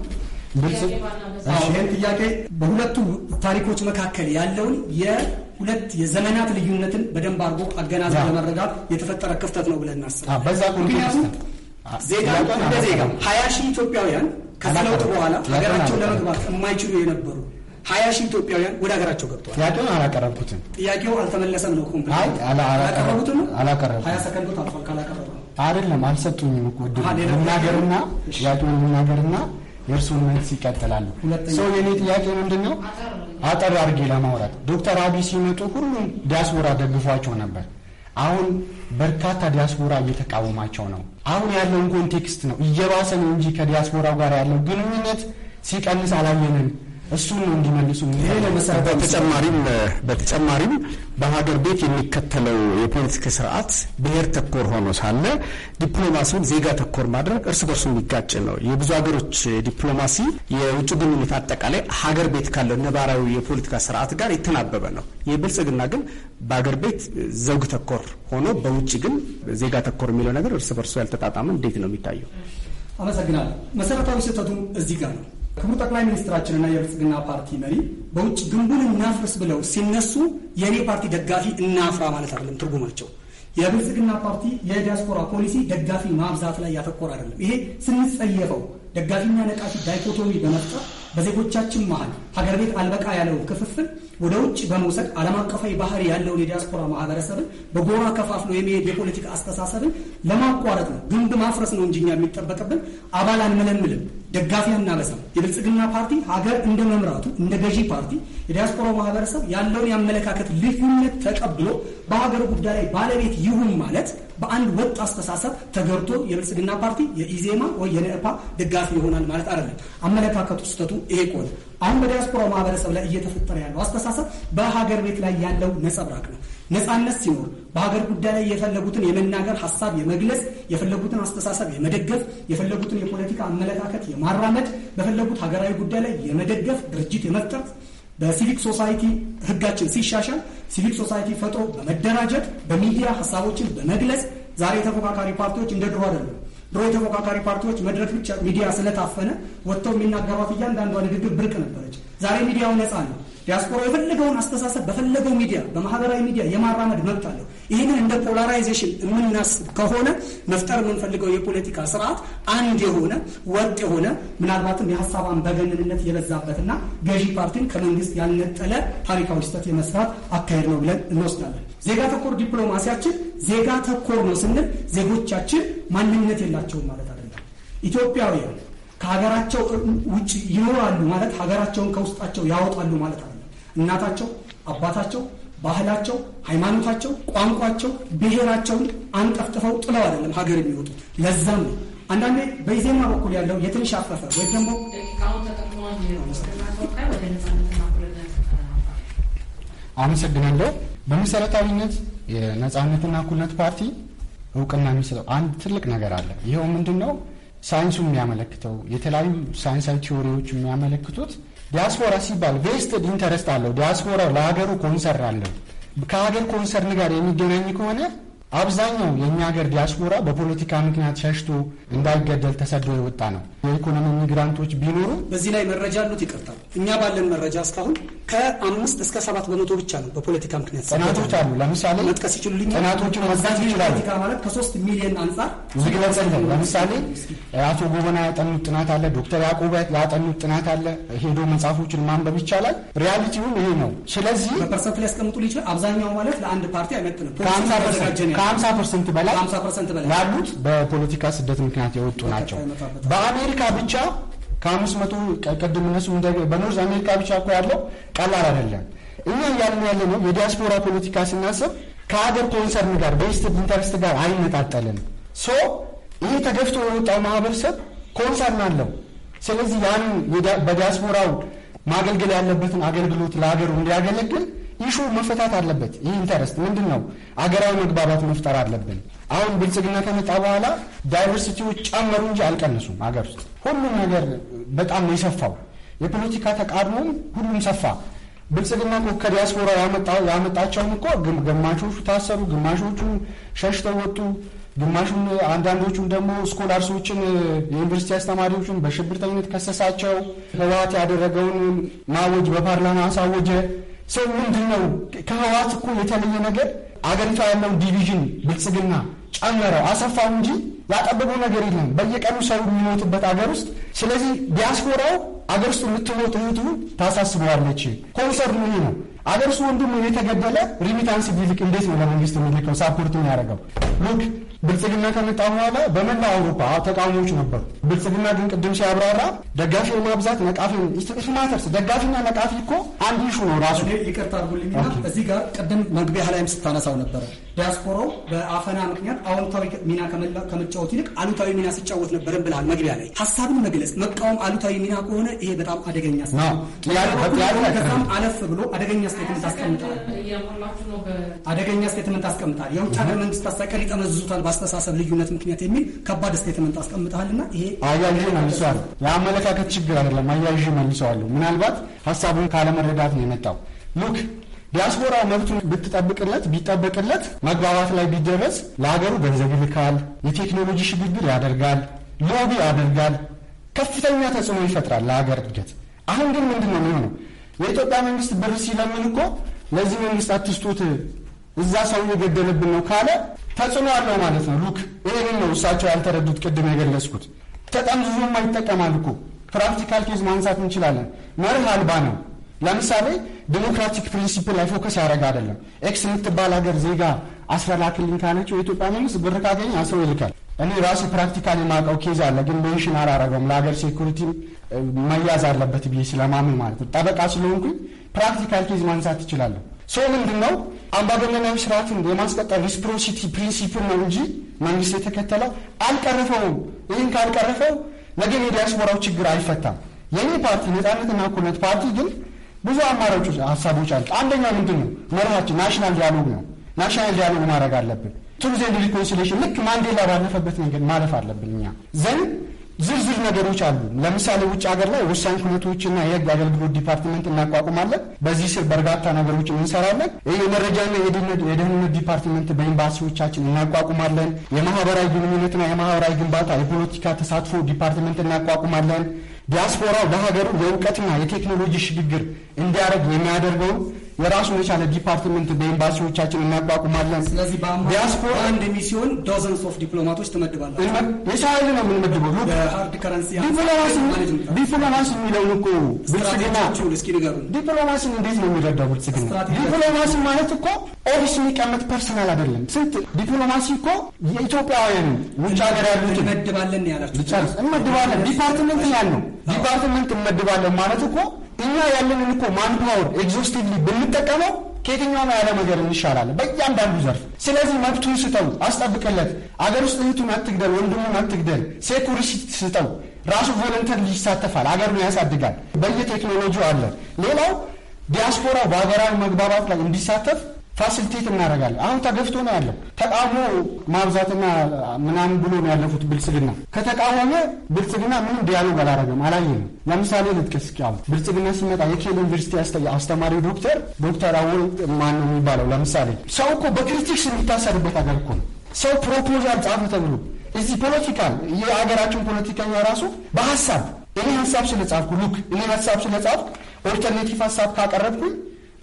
ይህን ጥያቄ በሁለቱ ታሪኮች መካከል ያለውን የሁለት የዘመናት ልዩነትን በደንብ አድርጎ አገናዝ ለመረዳት የተፈጠረ ክፍተት ነው ብለን እናስብ። ዜጋ እንደ ዜጋ ሀያ ሺህ ኢትዮጵያውያን ከዚህ በኋላ ሀገራቸውን ለመግባት የማይችሉ የነበሩ ሀያ ሺህ ኢትዮጵያውያን ወደ ሀገራቸው ገብተዋል። ጥያቄውን አላቀረብኩትም። ጥያቄው አልተመለሰም ነው ኮምፕ ሀያ ሰከንዶት አልፏል። አይደለም አልሰጡኝም። ልናገርና ጥያቄውን ልናገርና የእርስዎን መልስ ይቀጥላሉ። ሰው የኔ ጥያቄ ምንድን ነው አጠር አድርጌ ለማውራት ዶክተር አብይ ሲመጡ ሁሉም ዲያስፖራ ደግፏቸው ነበር። አሁን በርካታ ዲያስፖራ እየተቃወማቸው ነው። አሁን ያለውን ኮንቴክስት ነው እየባሰ ነው እንጂ ከዲያስፖራው ጋር ያለው ግንኙነት ሲቀንስ አላየንም። እሱን ነው እንዲመልሱ። በተጨማሪም በሀገር ቤት የሚከተለው የፖለቲክ ስርዓት ብሔር ተኮር ሆኖ ሳለ ዲፕሎማሲውን ዜጋ ተኮር ማድረግ እርስ በርሱ የሚጋጭ ነው። የብዙ ሀገሮች ዲፕሎማሲ የውጭ ግንኙነት አጠቃላይ ሀገር ቤት ካለው ነባራዊ የፖለቲካ ስርዓት ጋር የተናበበ ነው። የብልጽግና ግን በሀገር ቤት ዘውግ ተኮር ሆኖ በውጭ ግን ዜጋ ተኮር የሚለው ነገር እርስ በርሱ ያልተጣጣመ እንዴት ነው የሚታየው? አመሰግናለሁ። መሰረታዊ ስህተቱን እዚህ ጋር ነው። ክቡር ጠቅላይ ሚኒስትራችንና የብልጽግና ፓርቲ መሪ በውጭ ግንቡን እናፍርስ ብለው ሲነሱ የእኔ ፓርቲ ደጋፊ እናፍራ ማለት አይደለም ትርጉማቸው። የብልጽግና ፓርቲ የዲያስፖራ ፖሊሲ ደጋፊ ማብዛት ላይ ያተኮር አይደለም። ይሄ ስንጸየፈው ደጋፊና ነቃፊ ዳይኮቶሚ በመፍጠር በዜጎቻችን መሀል ሀገር ቤት አልበቃ ያለው ክፍፍል ወደ ውጭ በመውሰድ ዓለም አቀፋዊ ባህር ያለውን የዲያስፖራ ማህበረሰብን በጎራ ከፋፍሎ የሚሄድ የፖለቲካ አስተሳሰብን ለማቋረጥ ነው። ግንብ ማፍረስ ነው እንጂ እኛ የሚጠበቅብን አባል አንመለምልም፣ ደጋፊ አናበሳም። የብልጽግና ፓርቲ ሀገር እንደ መምራቱ እንደ ገዢ ፓርቲ የዲያስፖራው ማህበረሰብ ያለውን የአመለካከት ልዩነት ተቀብሎ በሀገር ጉዳይ ላይ ባለቤት ይሁን ማለት በአንድ ወጥ አስተሳሰብ ተገርቶ የብልጽግና ፓርቲ የኢዜማ ወይ የነእፓ ደጋፊ ይሆናል ማለት አይደለም። አመለካከቱ ስህተቱ ይሄ ቆል አሁን በዲያስፖራው ማህበረሰብ ላይ እየተፈጠረ ያለው አስተሳሰብ በሀገር ቤት ላይ ያለው ነጸብራቅ ነው። ነጻነት ሲኖር በሀገር ጉዳይ ላይ የፈለጉትን የመናገር ሀሳብ የመግለጽ የፈለጉትን አስተሳሰብ የመደገፍ የፈለጉትን የፖለቲካ አመለካከት የማራመድ በፈለጉት ሀገራዊ ጉዳይ ላይ የመደገፍ ድርጅት የመፍጠር በሲቪክ ሶሳይቲ ህጋችን ሲሻሻል ሲቪክ ሶሳይቲ ፈጥሮ በመደራጀት በሚዲያ ሀሳቦችን በመግለጽ ዛሬ ተፎካካሪ ፓርቲዎች እንደ ድሮ አይደሉም። ድሮ የተፎካካሪ ፓርቲዎች መድረክ ብቻ ሚዲያ ስለታፈነ ወጥተው የሚናገሯት እያንዳንዷ ንግግር ብርቅ ነበረች። ዛሬ ሚዲያው ነፃ ነው። ዲያስፖራ የፈለገውን አስተሳሰብ በፈለገው ሚዲያ በማህበራዊ ሚዲያ የማራመድ መብት አለው። ይህንን እንደ ፖላራይዜሽን የምናስብ ከሆነ መፍጠር የምንፈልገው የፖለቲካ ስርዓት አንድ የሆነ ወጥ የሆነ ምናልባትም የሀሳብ አንባገነንነት የበዛበትና ገዢ ፓርቲን ከመንግስት ያልነጠለ ታሪካዊ ስህተት የመስራት አካሄድ ነው ብለን እንወስዳለን። ዜጋ ተኮር ዲፕሎማሲያችን ዜጋ ተኮር ነው ስንል ዜጎቻችን ማንነት የላቸውም ማለት አይደለም። ኢትዮጵያውያን ከሀገራቸው ውጭ ይኖራሉ ማለት ሀገራቸውን ከውስጣቸው ያወጣሉ ማለት እናታቸው፣ አባታቸው፣ ባህላቸው፣ ሃይማኖታቸው፣ ቋንቋቸው፣ ብሔራቸውን አንጠፍጥፈው ጥለው አይደለም ሀገር የሚወጡት። ለዛም ነው አንዳንዴ በኢዜማ በኩል ያለው የትንሽ የተንሻፈፈ ወይም ደግሞ አመሰግናለሁ። በመሰረታዊነት የነጻነትና እኩልነት ፓርቲ እውቅና የሚሰጠው አንድ ትልቅ ነገር አለ። ይኸው ምንድን ነው? ሳይንሱ የሚያመለክተው የተለያዩ ሳይንሳዊ ቲዎሪዎች የሚያመለክቱት ዲያስፖራ ሲባል ቬስትድ ኢንተረስት አለው። ዲያስፖራው ለሀገሩ ኮንሰርን አለው። ከሀገር ኮንሰርን ጋር የሚገናኝ ከሆነ አብዛኛው የእኛ ሀገር ዲያስፖራ በፖለቲካ ምክንያት ሸሽቶ እንዳይገደል ተሰዶ የወጣ ነው። የኢኮኖሚ ሚግራንቶች ቢኖሩ በዚህ ላይ መረጃ አሉት። ይቀርታል። እኛ ባለን መረጃ እስካሁን ከአምስት እስከ ሰባት በመቶ ብቻ ነው በፖለቲካ ምክንያት ጥናቶች አሉ። ለምሳሌ መጥቀስ ይችሉልኝ? ጥናቶቹን መዛት ይችላሉ። ማለት ከሶስት ሚሊዮን አንጻር ዝግለጸለን። ለምሳሌ አቶ ጎበና ያጠኑት ጥናት አለ። ዶክተር ያዕቆብ ያጠኑት ጥናት አለ። ሄዶ መጽሐፎችን ማንበብ ይቻላል። ሪያሊቲውን ይሄ ነው። ስለዚህ በፐርሰንት ሊያስቀምጡ ሊችላል። አብዛኛው ማለት ለአንድ ፓርቲ አይመጥንም። ከሀምሳ ፐርሰንት በላይ ያሉት በፖለቲካ ስደት ምክንያት የወጡ ናቸው። በአሜሪካ ብቻ ከአምስት መቶ ቅድም እነሱ በኖርዝ አሜሪካ ብቻ እኮ ያለው ቀላል አይደለም። እኛ እያልን ያለ ነው የዲያስፖራ ፖለቲካ ስናስብ ከሀገር ኮንሰርን ጋር በስትድ ኢንተረስት ጋር አይነጣጠልም። ሶ ይህ ተገፍቶ የወጣው ማህበረሰብ ኮንሰርን አለው። ስለዚህ ያን በዲያስፖራው ማገልገል ያለበትን አገልግሎት ለሀገሩ እንዲያገለግል ይሹ መፈታት አለበት። ይህ ኢንተረስት ምንድን ነው? አገራዊ መግባባት መፍጠር አለብን። አሁን ብልጽግና ከመጣ በኋላ ዳይቨርሲቲዎች ጨመሩ እንጂ አልቀነሱም። አገር ውስጥ ሁሉም ነገር በጣም ነው የሰፋው። የፖለቲካ ተቃርኖም ሁሉም ሰፋ። ብልጽግና እኮ ከዲያስፖራ ያመጣቸውን እኮ ግማሾቹ ታሰሩ፣ ግማሾቹ ሸሽተው ወጡ፣ ግማሹን አንዳንዶቹን ደግሞ ስኮላርሶችን የዩኒቨርሲቲ አስተማሪዎችን በሽብርተኝነት ከሰሳቸው። ህወሓት ያደረገውን ማወጅ በፓርላማ አሳወጀ። ሰው ምንድን ነው ከህዋት እኮ የተለየ ነገር አገሪቷ ያለው ዲቪዥን ብልጽግና ጨመረው አሰፋው እንጂ ያጠበበው ነገር የለም። በየቀኑ ሰው የሚሞትበት አገር ውስጥ ስለዚህ ዲያስፖራው አገር ውስጥ የምትሞት እህቱ ታሳስበዋለች። ኮንሰርን ይሄ ነው። አደርሱ ወንድሙ የተገደለ ሪሚታንስ ቢልክ እንዴት ነው ለመንግስት የሚልከው? ሳፖርት ያደረገው ሉክ ብልጽግና ከመጣ በኋላ በመላ አውሮፓ ተቃውሞዎች ነበሩ። ብልጽግና ግን ቅድም ሲያብራራ ደጋፊ ማብዛት ነቃፊ ማተርስ ደጋፊና ነቃፊ እኮ አንድ ሹ ነው ራሱ። ይቅርታ አድርጉልኝና እዚህ ጋር ቅድም መግቢያ ላይም ስታነሳው ነበረ ዲያስፖራው በአፈና ምክንያት አዎንታዊ ሚና ከመጫወት ይልቅ አሉታዊ ሚና ሲጫወት ነበረን ብለሃል። መግቢያ ላይ ሀሳብን መግለጽ መቃወም አሉታዊ ሚና ከሆነ ይሄ በጣም አደገኛ ስ ከዛም አለፍ ብሎ አደገኛ አደገኛ ስቴትመንት አስቀምጣል። አደገኛ ስቴትመንት አስቀምጣል። የውጭ ሀገር መንግስት አሳቀር ይጠመዝዙታል በአስተሳሰብ ልዩነት ምክንያት የሚል ከባድ ስቴትመንት አስቀምጠዋልና ይሄ አያዥ መልሰዋል። የአመለካከት ችግር አይደለም፣ አያዥ መልሰዋል። ምናልባት ሀሳቡን ካለመረዳት ነው የመጣው ሉክ ዲያስፖራ መብቱን ብትጠብቅለት ቢጠበቅለት መግባባት ላይ ቢደረስ ለሀገሩ ገንዘብ ይልካል፣ የቴክኖሎጂ ሽግግር ያደርጋል፣ ሎቢ ያደርጋል፣ ከፍተኛ ተጽዕኖ ይፈጥራል ለሀገር እድገት። አሁን ግን ምንድን ነው የሚሆነው? የኢትዮጵያ መንግስት ብር ሲለምን እኮ ለዚህ መንግስት አትስጡት እዛ ሰው እየገደለብን ነው ካለ ተጽዕኖ አለው ማለት ነው። ሉክ ይህንን ነው እሳቸው ያልተረዱት። ቅድም የገለጽኩት ተጠምዝዞማ ይጠቀማል እኮ ፕራክቲካል ኬዝ ማንሳት እንችላለን። መርህ አልባ ነው። ለምሳሌ ዲሞክራቲክ ፕሪንሲፕል ላይ ፎከስ ያደረገ አይደለም። ኤክስ የምትባል ሀገር ዜጋ አስራ ካለችው የኢትዮጵያ መንግስት ብር ካገኘ አስሮ ይልካል። እኔ ራሱ ፕራክቲካል የማውቀው ኬዝ አለ፣ ግን ሜንሽን አላረገውም ለሀገር ሴኩሪቲም መያዝ አለበት ብዬ ስለማምን ማለት ነው። ጠበቃ ስለሆንኩኝ ፕራክቲካል ኬዝ ማንሳት ትችላለሁ። ሰው ምንድን ነው አምባገነናዊ ስርዓትን የማስቀጠል ሪስፕሮሲቲ ፕሪንሲፕል ነው እንጂ መንግስት የተከተለው አልቀረፈውም። ይህን ካልቀረፈው ነገን የዲያስፖራው ችግር አይፈታም። የኔ ፓርቲ ነጻነትና እኩልነት ፓርቲ ግን ብዙ አማራጮች፣ ሀሳቦች አሉ። አንደኛ ምንድን ነው መርሃችን ናሽናል ዲያሎግ ነው። ናሽናል ዲያሎግ ማድረግ አለብን። ቱርዝ ኤንድ ሪኮንሲሌሽን ልክ ማንዴላ ባለፈበት መንገድ ማለፍ አለብን እኛ ዘንድ ዝርዝር ነገሮች አሉ። ለምሳሌ ውጭ ሀገር ላይ ወሳኝ ኩነቶችና የህግ አገልግሎት ዲፓርትመንት እናቋቁማለን። በዚህ ስር በርካታ ነገሮችን እንሰራለን። የመረጃና የደህንነት ዲፓርትመንት በኤምባሲዎቻችን እናቋቁማለን። የማህበራዊ ግንኙነትና የማህበራዊ ግንባታ የፖለቲካ ተሳትፎ ዲፓርትመንት እናቋቁማለን። ዲያስፖራው ለሀገሩ የእውቀትና የቴክኖሎጂ ሽግግር እንዲያደርግ የሚያደርገውን የራሱን የቻለ ዲፓርትመንት በኤምባሲዎቻችን እናቋቁማለን። ስለዚህ ዲያስፖራ አንድ ሚስዮን ዶዘንስ ኦፍ ዲፕሎማቶች ትመድባለህ። የቻለ ነው የምንመድበው። ሃርድ ከረንሲ ዲፕሎማሲ የሚለውን እኮ ብልጽግና ዲፕሎማሲን እንዴት ነው የሚረዳው ብልጽግና? ዲፕሎማሲ ማለት እኮ ኦፊስ የሚቀመጥ ፐርሰናል አይደለም። ስንት ዲፕሎማሲ እኮ የኢትዮጵያውያን ውጭ ሀገር ያሉት እንመድባለን ያላቸው እንመድባለን ዲፓርትመንት ያለው ዲፓርትመንት እንመድባለን ማለት እኮ እኛ ያለንን እኮ ማንፓወር ኤግዞስቲቭሊ ብንጠቀመው ከየትኛውም ያለ ነገር እንሻላለን በእያንዳንዱ ዘርፍ። ስለዚህ መብቱን ስጠው፣ አስጠብቅለት። አገር ውስጥ እህቱን አትግደል፣ ወንድሙን አትግደል። ሴኩሪቲ ስጠው። ራሱ ቮለንተር ይሳተፋል፣ አገሩን ያሳድጋል። በየቴክኖሎጂው አለ። ሌላው ዲያስፖራው በሀገራዊ መግባባት ላይ እንዲሳተፍ ፋሲሊቴት እናደርጋለን። አሁን ተገፍቶ ነው ያለው። ተቃውሞ ማብዛትና ምናምን ብሎ ነው ያለፉት። ብልጽግና ከተቃወመ ብልጽግና ምንም ዲያሎግ አላረገም፣ አላየንም። ለምሳሌ ልጥቀስ። ብልጽግና ሲመጣ የኬል ዩኒቨርሲቲ አስተማሪ ዶክተር ዶክተር አወል ማን ነው የሚባለው፣ ለምሳሌ ሰው እኮ በክሪቲክስ የሚታሰርበት አገር እኮ ነው። ሰው ፕሮፖዛል ጻፈ ተብሎ እዚህ ፖለቲካል የሀገራችን ፖለቲከኛ ራሱ በሀሳብ እኔ ሀሳብ ስለጻፍኩ ሉክ እኔ ሀሳብ ስለጻፍኩ ኦልተርኔቲቭ ሀሳብ ካቀረብኩኝ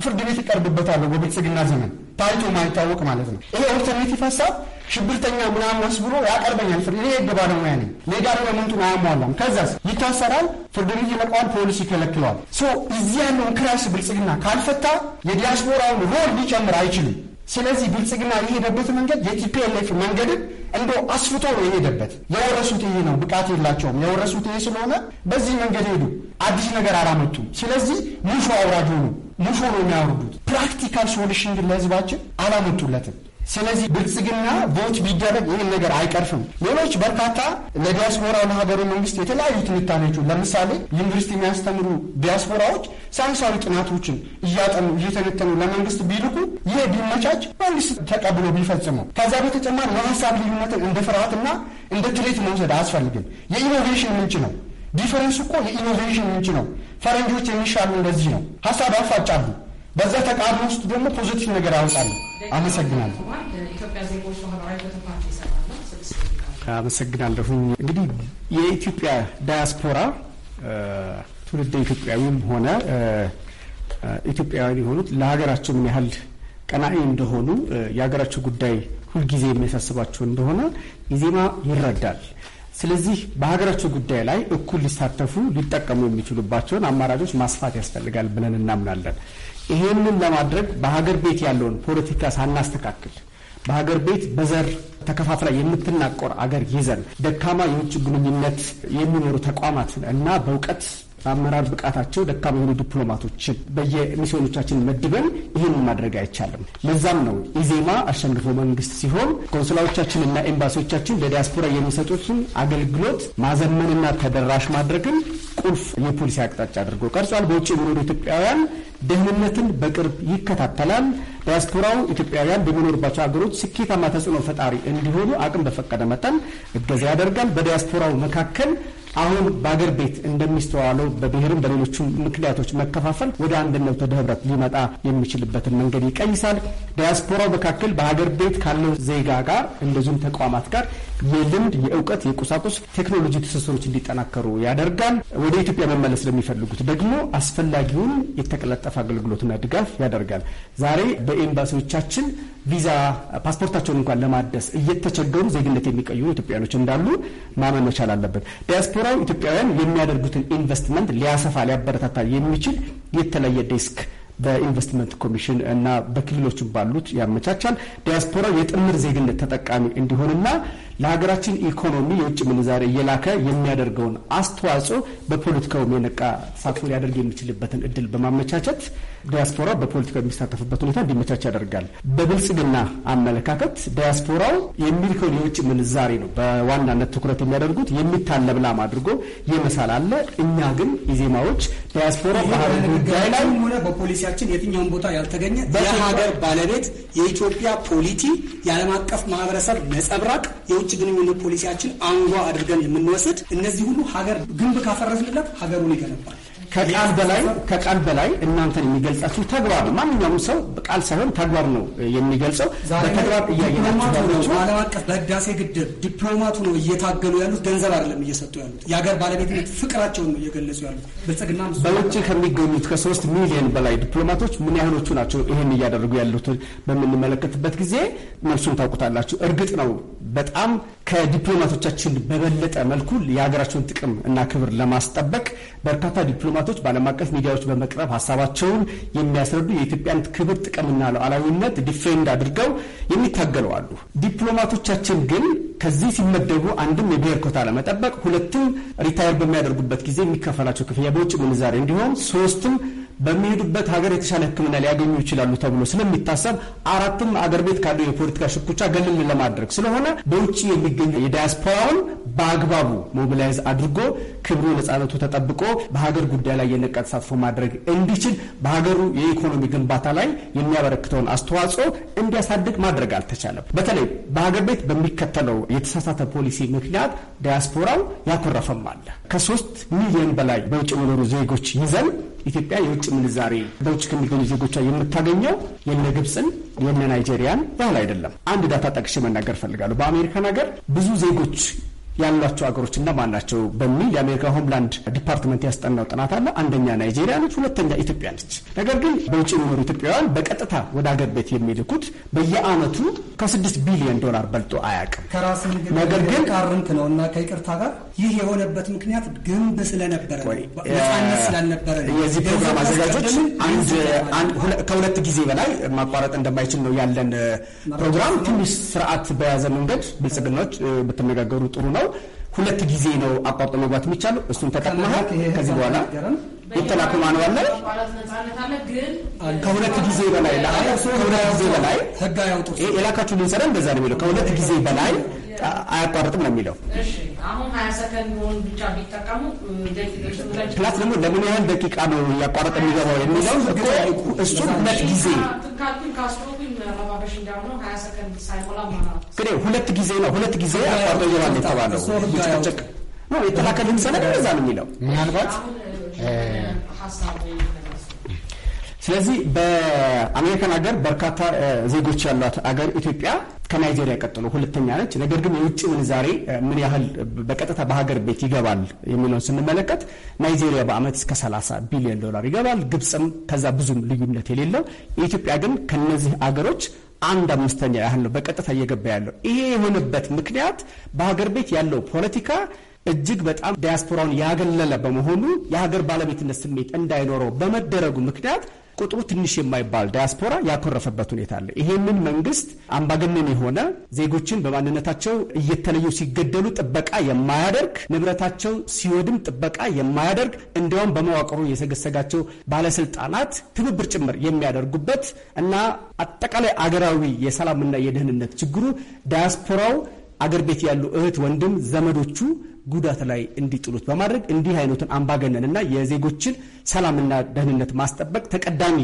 ፍርድ ቤት ይቀርብበታል። በብልጽግና ዘመን ታይቶ ማይታወቅ ማለት ነው። ይሄ ኦልተርኔቲቭ ሀሳብ ሽብርተኛ ምናምን ብሎ ያቀርበኛል ፍርድ እኔ ህግ ባለሙያ ነኝ። ሌጋ ለመንቱን አያሟላም። ከዛስ ይታሰራል፣ ፍርድ ቤት ይለቀዋል፣ ፖሊስ ይከለክለዋል። ሶ እዚህ ያለውን ክራይስ ብልጽግና ካልፈታ የዲያስፖራውን ሮል ሊጨምር አይችልም። ስለዚህ ብልጽግና የሄደበት መንገድ የቲፒኤልኤፍ መንገድን እንደ አስፍቶ ነው የሄደበት። የወረሱት ይሄ ነው፣ ብቃት የላቸውም የወረሱት ይሄ ስለሆነ በዚህ መንገድ ሄዱ፣ አዲስ ነገር አላመጡም። ስለዚህ ሙሾ አውራጅ ሆኑ። ንፎ ነው የሚያወርዱት። ፕራክቲካል ሶሉሽን ግን ለህዝባችን አላመጡለትም። ስለዚህ ብልጽግና ቮት ቢደረግ ይህን ነገር አይቀርፍም። ሌሎች በርካታ ለዲያስፖራ ለሀገሩ መንግስት የተለያዩ ትንታኔዎች ለምሳሌ ዩኒቨርሲቲ የሚያስተምሩ ዲያስፖራዎች ሳይንሳዊ ጥናቶችን እያጠኑ እየተነተኑ ለመንግስት ቢልኩ ይህ ቢመቻች መንግስት ተቀብሎ ቢፈጽመው። ከዛ በተጨማሪ የሀሳብ ልዩነትን እንደ ፍርሃትና እንደ ትሬት መውሰድ አያስፈልግም። የኢኖቬሽን ምንጭ ነው። ዲፈረንስ እኮ የኢኖቬሽን ምንጭ ነው። ፈረንጆች የሚሻሉ እንደዚህ ነው፣ ሀሳብ ያፋጫሉ። በዛ ተቃርኖ ውስጥ ደግሞ ፖዚቲቭ ነገር አውጣሉ አመሰግናለሁ። አመሰግናለሁ። እንግዲህ የኢትዮጵያ ዳያስፖራ ትውልደ ኢትዮጵያዊም ሆነ ኢትዮጵያውያን የሆኑት ለሀገራቸው ምን ያህል ቀናኢ እንደሆኑ የሀገራቸው ጉዳይ ሁልጊዜ የሚያሳስባቸው እንደሆነ ኢዜማ ይረዳል። ስለዚህ በሀገራቸው ጉዳይ ላይ እኩል ሊሳተፉ ሊጠቀሙ የሚችሉባቸውን አማራጮች ማስፋት ያስፈልጋል ብለን እናምናለን። ይሄንን ለማድረግ በሀገር ቤት ያለውን ፖለቲካ ሳናስተካክል በሀገር ቤት በዘር ተከፋፍላ የምትናቆር አገር ይዘን ደካማ የውጭ ግንኙነት የሚኖሩ ተቋማትን እና በእውቀት በአመራር ብቃታቸው ደካማ የሆኑ ዲፕሎማቶችን በየሚስዮኖቻችን መድበን ይህንን ማድረግ አይቻልም። ለዛም ነው ኢዜማ አሸንፎ መንግስት ሲሆን ኮንስላዎቻችንና ኤምባሲዎቻችን ለዲያስፖራ የሚሰጡትን አገልግሎት ማዘመንና ተደራሽ ማድረግን ቁልፍ የፖሊሲ አቅጣጫ አድርጎ ቀርጿል። በውጭ የሚኖሩ ኢትዮጵያውያን ደህንነትን በቅርብ ይከታተላል። ዲያስፖራው ኢትዮጵያውያን በሚኖርባቸው ሀገሮች ስኬታማ ተጽዕኖ ፈጣሪ እንዲሆኑ አቅም በፈቀደ መጠን እገዛ ያደርጋል። በዲያስፖራው መካከል አሁን በአገር ቤት እንደሚስተዋለው በብሔርም በሌሎችም ምክንያቶች መከፋፈል ወደ አንድነት ወደ ህብረት ሊመጣ የሚችልበትን መንገድ ይቀይሳል። ዲያስፖራው መካከል በሀገር ቤት ካለው ዜጋ ጋር እንደዚሁም ተቋማት ጋር የልምድ፣ የእውቀት፣ የቁሳቁስ ቴክኖሎጂ ትስስሮች እንዲጠናከሩ ያደርጋል። ወደ ኢትዮጵያ መመለስ ለሚፈልጉት ደግሞ አስፈላጊውን የተቀለጠፈ አገልግሎትና ድጋፍ ያደርጋል። ዛሬ በኤምባሲዎቻችን ቪዛ ፓስፖርታቸውን እንኳን ለማደስ እየተቸገሩ ዜግነት የሚቀይሩ ኢትዮጵያኖች እንዳሉ ማመን መቻል አለበት። ዲያስፖራው ኢትዮጵያውያን የሚያደርጉትን ኢንቨስትመንት ሊያሰፋ ሊያበረታታ የሚችል የተለየ ዴስክ በኢንቨስትመንት ኮሚሽን እና በክልሎች ባሉት ያመቻቻል። ዲያስፖራው የጥምር ዜግነት ተጠቃሚ እንዲሆንና ለሀገራችን ኢኮኖሚ የውጭ ምንዛሬ እየላከ የሚያደርገውን አስተዋጽኦ በፖለቲካውም የነቃ ፋክተር ያደርግ የሚችልበትን እድል በማመቻቸት ዲያስፖራ በፖለቲካው የሚሳተፍበት ሁኔታ እንዲመቻች ያደርጋል። በብልጽግና አመለካከት ዲያስፖራው የሚልከውን የውጭ ምንዛሬ ነው በዋናነት ትኩረት የሚያደርጉት የሚታለብ ላም አድርጎ የመሳል አለ። እኛ ግን ኢዜማዎች ዲያስፖራ ባህል ጉዳይ ላይ ሆነ በፖሊሲያችን የትኛውን ቦታ ያልተገኘ የሀገር ባለቤት የኢትዮጵያ ፖሊቲ የዓለም አቀፍ ማህበረሰብ ነጸብራቅ የውጭ የውጭ ግንኙነት ፖሊሲያችን አንጓ አድርገን የምንወስድ እነዚህ ሁሉ ሀገር ግንብ ካፈረስንለት ሀገሩን ይገነባል። ከቃል በላይ ከቃል በላይ እናንተን የሚገልጻችሁ ተግባር ነው። ማንኛውም ሰው ቃል ሳይሆን ተግባር ነው የሚገልጸው። በተግባር እያየናቸው ዓለም አቀፍ በህዳሴ ግድብ ዲፕሎማቱ ነው እየታገሉ ያሉት፣ ገንዘብ አይደለም እየሰጡ ያሉት። የሀገር ባለቤትነት ፍቅራቸውን ነው እየገለጹ ያሉት። ብልጽግና በውጭ ከሚገኙት ከሶስት ሚሊዮን በላይ ዲፕሎማቶች ምን ያህሎቹ ናቸው ይህን እያደረጉ ያሉት በምንመለከትበት ጊዜ መልሱን ታውቁታላችሁ። እርግጥ ነው በጣም ከዲፕሎማቶቻችን በበለጠ መልኩ የሀገራቸውን ጥቅም እና ክብር ለማስጠበቅ በርካታ ዲፕሎማ አባቶች በዓለም አቀፍ ሚዲያዎች በመቅረብ ሀሳባቸውን የሚያስረዱ የኢትዮጵያን ክብር ጥቅምና ሉዓላዊነት ዲፌንድ አድርገው የሚታገሉ አሉ። ዲፕሎማቶቻችን ግን ከዚህ ሲመደቡ አንድም የብሔር ኮታ ለመጠበቅ፣ ሁለትም ሪታየር በሚያደርጉበት ጊዜ የሚከፈላቸው ክፍያ በውጭ ምንዛሬ እንዲሆን፣ ሶስትም በሚሄዱበት ሀገር የተሻለ ሕክምና ሊያገኙ ይችላሉ ተብሎ ስለሚታሰብ አራትም አገር ቤት ካለው የፖለቲካ ሽኩቻ ገለል ለማድረግ ስለሆነ በውጭ የሚገኙ የዲያስፖራውን በአግባቡ ሞቢላይዝ አድርጎ ክብሩ፣ ነጻነቱ ተጠብቆ በሀገር ጉዳይ ላይ የነቃ ተሳትፎ ማድረግ እንዲችል በሀገሩ የኢኮኖሚ ግንባታ ላይ የሚያበረክተውን አስተዋጽኦ እንዲያሳድግ ማድረግ አልተቻለም። በተለይ በሀገር ቤት በሚከተለው የተሳሳተ ፖሊሲ ምክንያት ዲያስፖራው ያኮረፈም አለ። ከሶስት ሚሊዮን በላይ በውጭ የሚኖሩ ዜጎች ይዘን ኢትዮጵያ የውጭ ምንዛሬ በውጭ ከሚገኙ ዜጎቿ የምታገኘው የነ ግብፅን የነ ናይጄሪያን ያህል አይደለም። አንድ ዳታ ጠቅሼ መናገር እፈልጋለሁ። በአሜሪካን ሀገር ብዙ ዜጎች ያሏቸው ሀገሮች እነማን ናቸው በሚል የአሜሪካ ሆምላንድ ዲፓርትመንት ያስጠናው ጥናት አለ። አንደኛ ናይጄሪያ ነች፣ ሁለተኛ ኢትዮጵያ ነች። ነገር ግን በውጭ የሚኖሩ ኢትዮጵያውያን በቀጥታ ወደ ሀገር ቤት የሚልኩት በየአመቱ ከስድስት ቢሊዮን ዶላር በልጦ አያውቅም። ከራስ ነገር ግን ካርንት ነው እና ከይቅርታ ጋር ይህ የሆነበት ምክንያት ግንብ ስለነበረ ነጻነት ስላልነበረ የዚህ ፕሮግራም አዘጋጆች ከሁለት ጊዜ በላይ ማቋረጥ እንደማይችል ነው ያለን ፕሮግራም ትንሽ ስርዓት በያዘ መንገድ ብልጽግናዎች ብትነጋገሩ ጥሩ ነው። ሁለት ጊዜ ነው አቋርጦ መግባት የሚቻለው። እሱን ተጠቅመሃል። ከዚህ በኋላ የተላኩ ማንዋል ላይ ከሁለት ጊዜ በላይ ከሁለት ጊዜ በላይ የላካችሁ ልንሰራ እንደዛ ነው የሚለው። ከሁለት ጊዜ በላይ አያቋርጥም ነው የሚለው። አሁን ፕላስ ደግሞ ለምን ያህል ደቂቃ ነው እያቋረጠ የሚገባው የሚለው እሱ ሁለት ጊዜ ለማባበሽ ሁለት ጊዜ ነው ሁለት ጊዜ አቋርጦ ይገባል የተባለው ጭቅጭቅ ነው የተላከልን ሰነድ ነው የሚለው ምናልባት ስለዚህ በአሜሪካን ሀገር በርካታ ዜጎች ያሏት አገር ኢትዮጵያ ከናይጄሪያ ቀጥሎ ሁለተኛ ነች። ነገር ግን የውጭ ምንዛሬ ምን ያህል በቀጥታ በሀገር ቤት ይገባል የሚለውን ስንመለከት ናይጄሪያ በአመት እስከ 30 ቢሊዮን ዶላር ይገባል። ግብፅም ከዛ ብዙም ልዩነት የሌለው የኢትዮጵያ ግን ከነዚህ አገሮች አንድ አምስተኛ ያህል ነው በቀጥታ እየገባ ያለው። ይሄ የሆነበት ምክንያት በሀገር ቤት ያለው ፖለቲካ እጅግ በጣም ዲያስፖራውን ያገለለ በመሆኑ የሀገር ባለቤትነት ስሜት እንዳይኖረው በመደረጉ ምክንያት ቁጥሩ ትንሽ የማይባል ዲያስፖራ ያኮረፈበት ሁኔታ አለ። ይሄንን መንግስት አምባገነን የሆነ ዜጎችን በማንነታቸው እየተለዩ ሲገደሉ ጥበቃ የማያደርግ ንብረታቸው ሲወድም ጥበቃ የማያደርግ እንዲያውም በመዋቅሩ የሰገሰጋቸው ባለስልጣናት ትብብር ጭምር የሚያደርጉበት እና አጠቃላይ አገራዊ የሰላምና የደህንነት ችግሩ ዲያስፖራው አገር ቤት ያሉ እህት ወንድም ዘመዶቹ ጉዳት ላይ እንዲጥሉት በማድረግ እንዲህ አይነቱን አምባገነንና የዜጎችን ሰላምና ደህንነት ማስጠበቅ ተቀዳሚ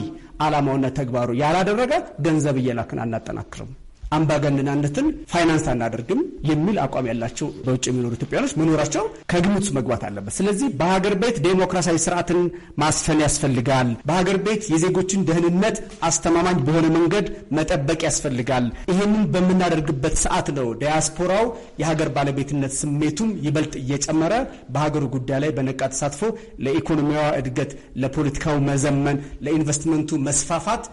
ዓላማውና ተግባሩ ያላደረገ ገንዘብ እየላክን አናጠናክርም። አምባገነናነትን ፋይናንስ አናደርግም የሚል አቋም ያላቸው በውጭ የሚኖሩ ኢትዮጵያኖች መኖራቸው ከግምት መግባት አለበት። ስለዚህ በሀገር ቤት ዴሞክራሲያዊ ስርዓትን ማስፈን ያስፈልጋል። በሀገር ቤት የዜጎችን ደህንነት አስተማማኝ በሆነ መንገድ መጠበቅ ያስፈልጋል። ይህንን በምናደርግበት ሰዓት ነው ዲያስፖራው የሀገር ባለቤትነት ስሜቱም ይበልጥ እየጨመረ በሀገሩ ጉዳይ ላይ በነቃ ተሳትፎ ለኢኮኖሚያዊ እድገት፣ ለፖለቲካው መዘመን፣ ለኢንቨስትመንቱ መስፋፋት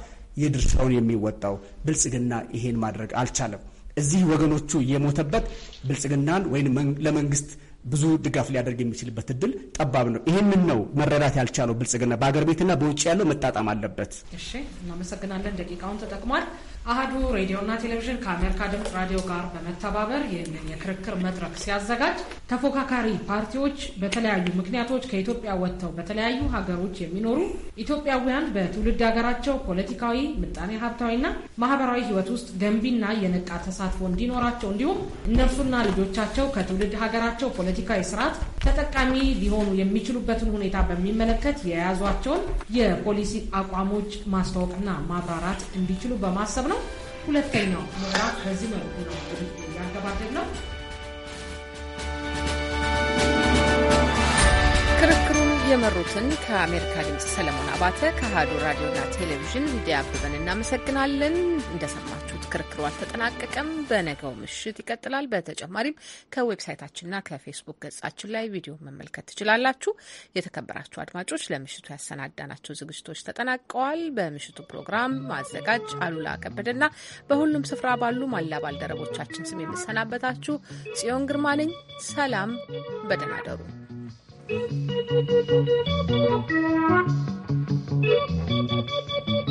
የድርሻውን የሚወጣው። ብልጽግና ይሄን ማድረግ አልቻለም። እዚህ ወገኖቹ የሞተበት ብልጽግናን ወይም ለመንግስት ብዙ ድጋፍ ሊያደርግ የሚችልበት እድል ጠባብ ነው። ይህንን ነው መረዳት ያልቻለው ብልጽግና። በአገር ቤትና በውጭ ያለው መጣጣም አለበት። እሺ፣ እናመሰግናለን። ደቂቃውን ተጠቅሟል። አህዱ ሬዲዮና ቴሌቪዥን ከአሜሪካ ድምፅ ራዲዮ ጋር በመተባበር ይህንን የክርክር መድረክ ሲያዘጋጅ ተፎካካሪ ፓርቲዎች በተለያዩ ምክንያቶች ከኢትዮጵያ ወጥተው በተለያዩ ሀገሮች የሚኖሩ ኢትዮጵያውያን በትውልድ ሀገራቸው ፖለቲካዊ፣ ምጣኔ ሀብታዊና ማህበራዊ ሕይወት ውስጥ ገንቢና የነቃ ተሳትፎ እንዲኖራቸው እንዲሁም እነርሱና ልጆቻቸው ከትውልድ ሀገራቸው ፖለቲካዊ ስርዓት ተጠቃሚ ሊሆኑ የሚችሉበትን ሁኔታ በሚመለከት የያዟቸውን የፖሊሲ አቋሞች ማስታወቅና ማብራራት እንዲችሉ በማሰብ ነው። ሁለተኛው ምዕራፍ በዚህ መልኩ ነው ያገባደድ ነው ክርክሩ የመሩትን ከአሜሪካ ድምፅ ሰለሞን አባተ ከአሀዱ ራዲዮና ቴሌቪዥን ሚዲያ አበበን እናመሰግናለን። እንደሰማችሁት ክርክሩ አልተጠናቀቀም፣ በነገው ምሽት ይቀጥላል። በተጨማሪም ከዌብሳይታችንና ከፌስቡክ ገጻችን ላይ ቪዲዮ መመልከት ትችላላችሁ። የተከበራችሁ አድማጮች ለምሽቱ ያሰናዳናቸው ዝግጅቶች ተጠናቀዋል። በምሽቱ ፕሮግራም አዘጋጅ አሉላ ከበደና በሁሉም ስፍራ ባሉ መላ ባልደረቦቻችን ስም የምሰናበታችሁ ጽዮን ግርማ ነኝ። ሰላም፣ በደህና ደሩ። Thank you.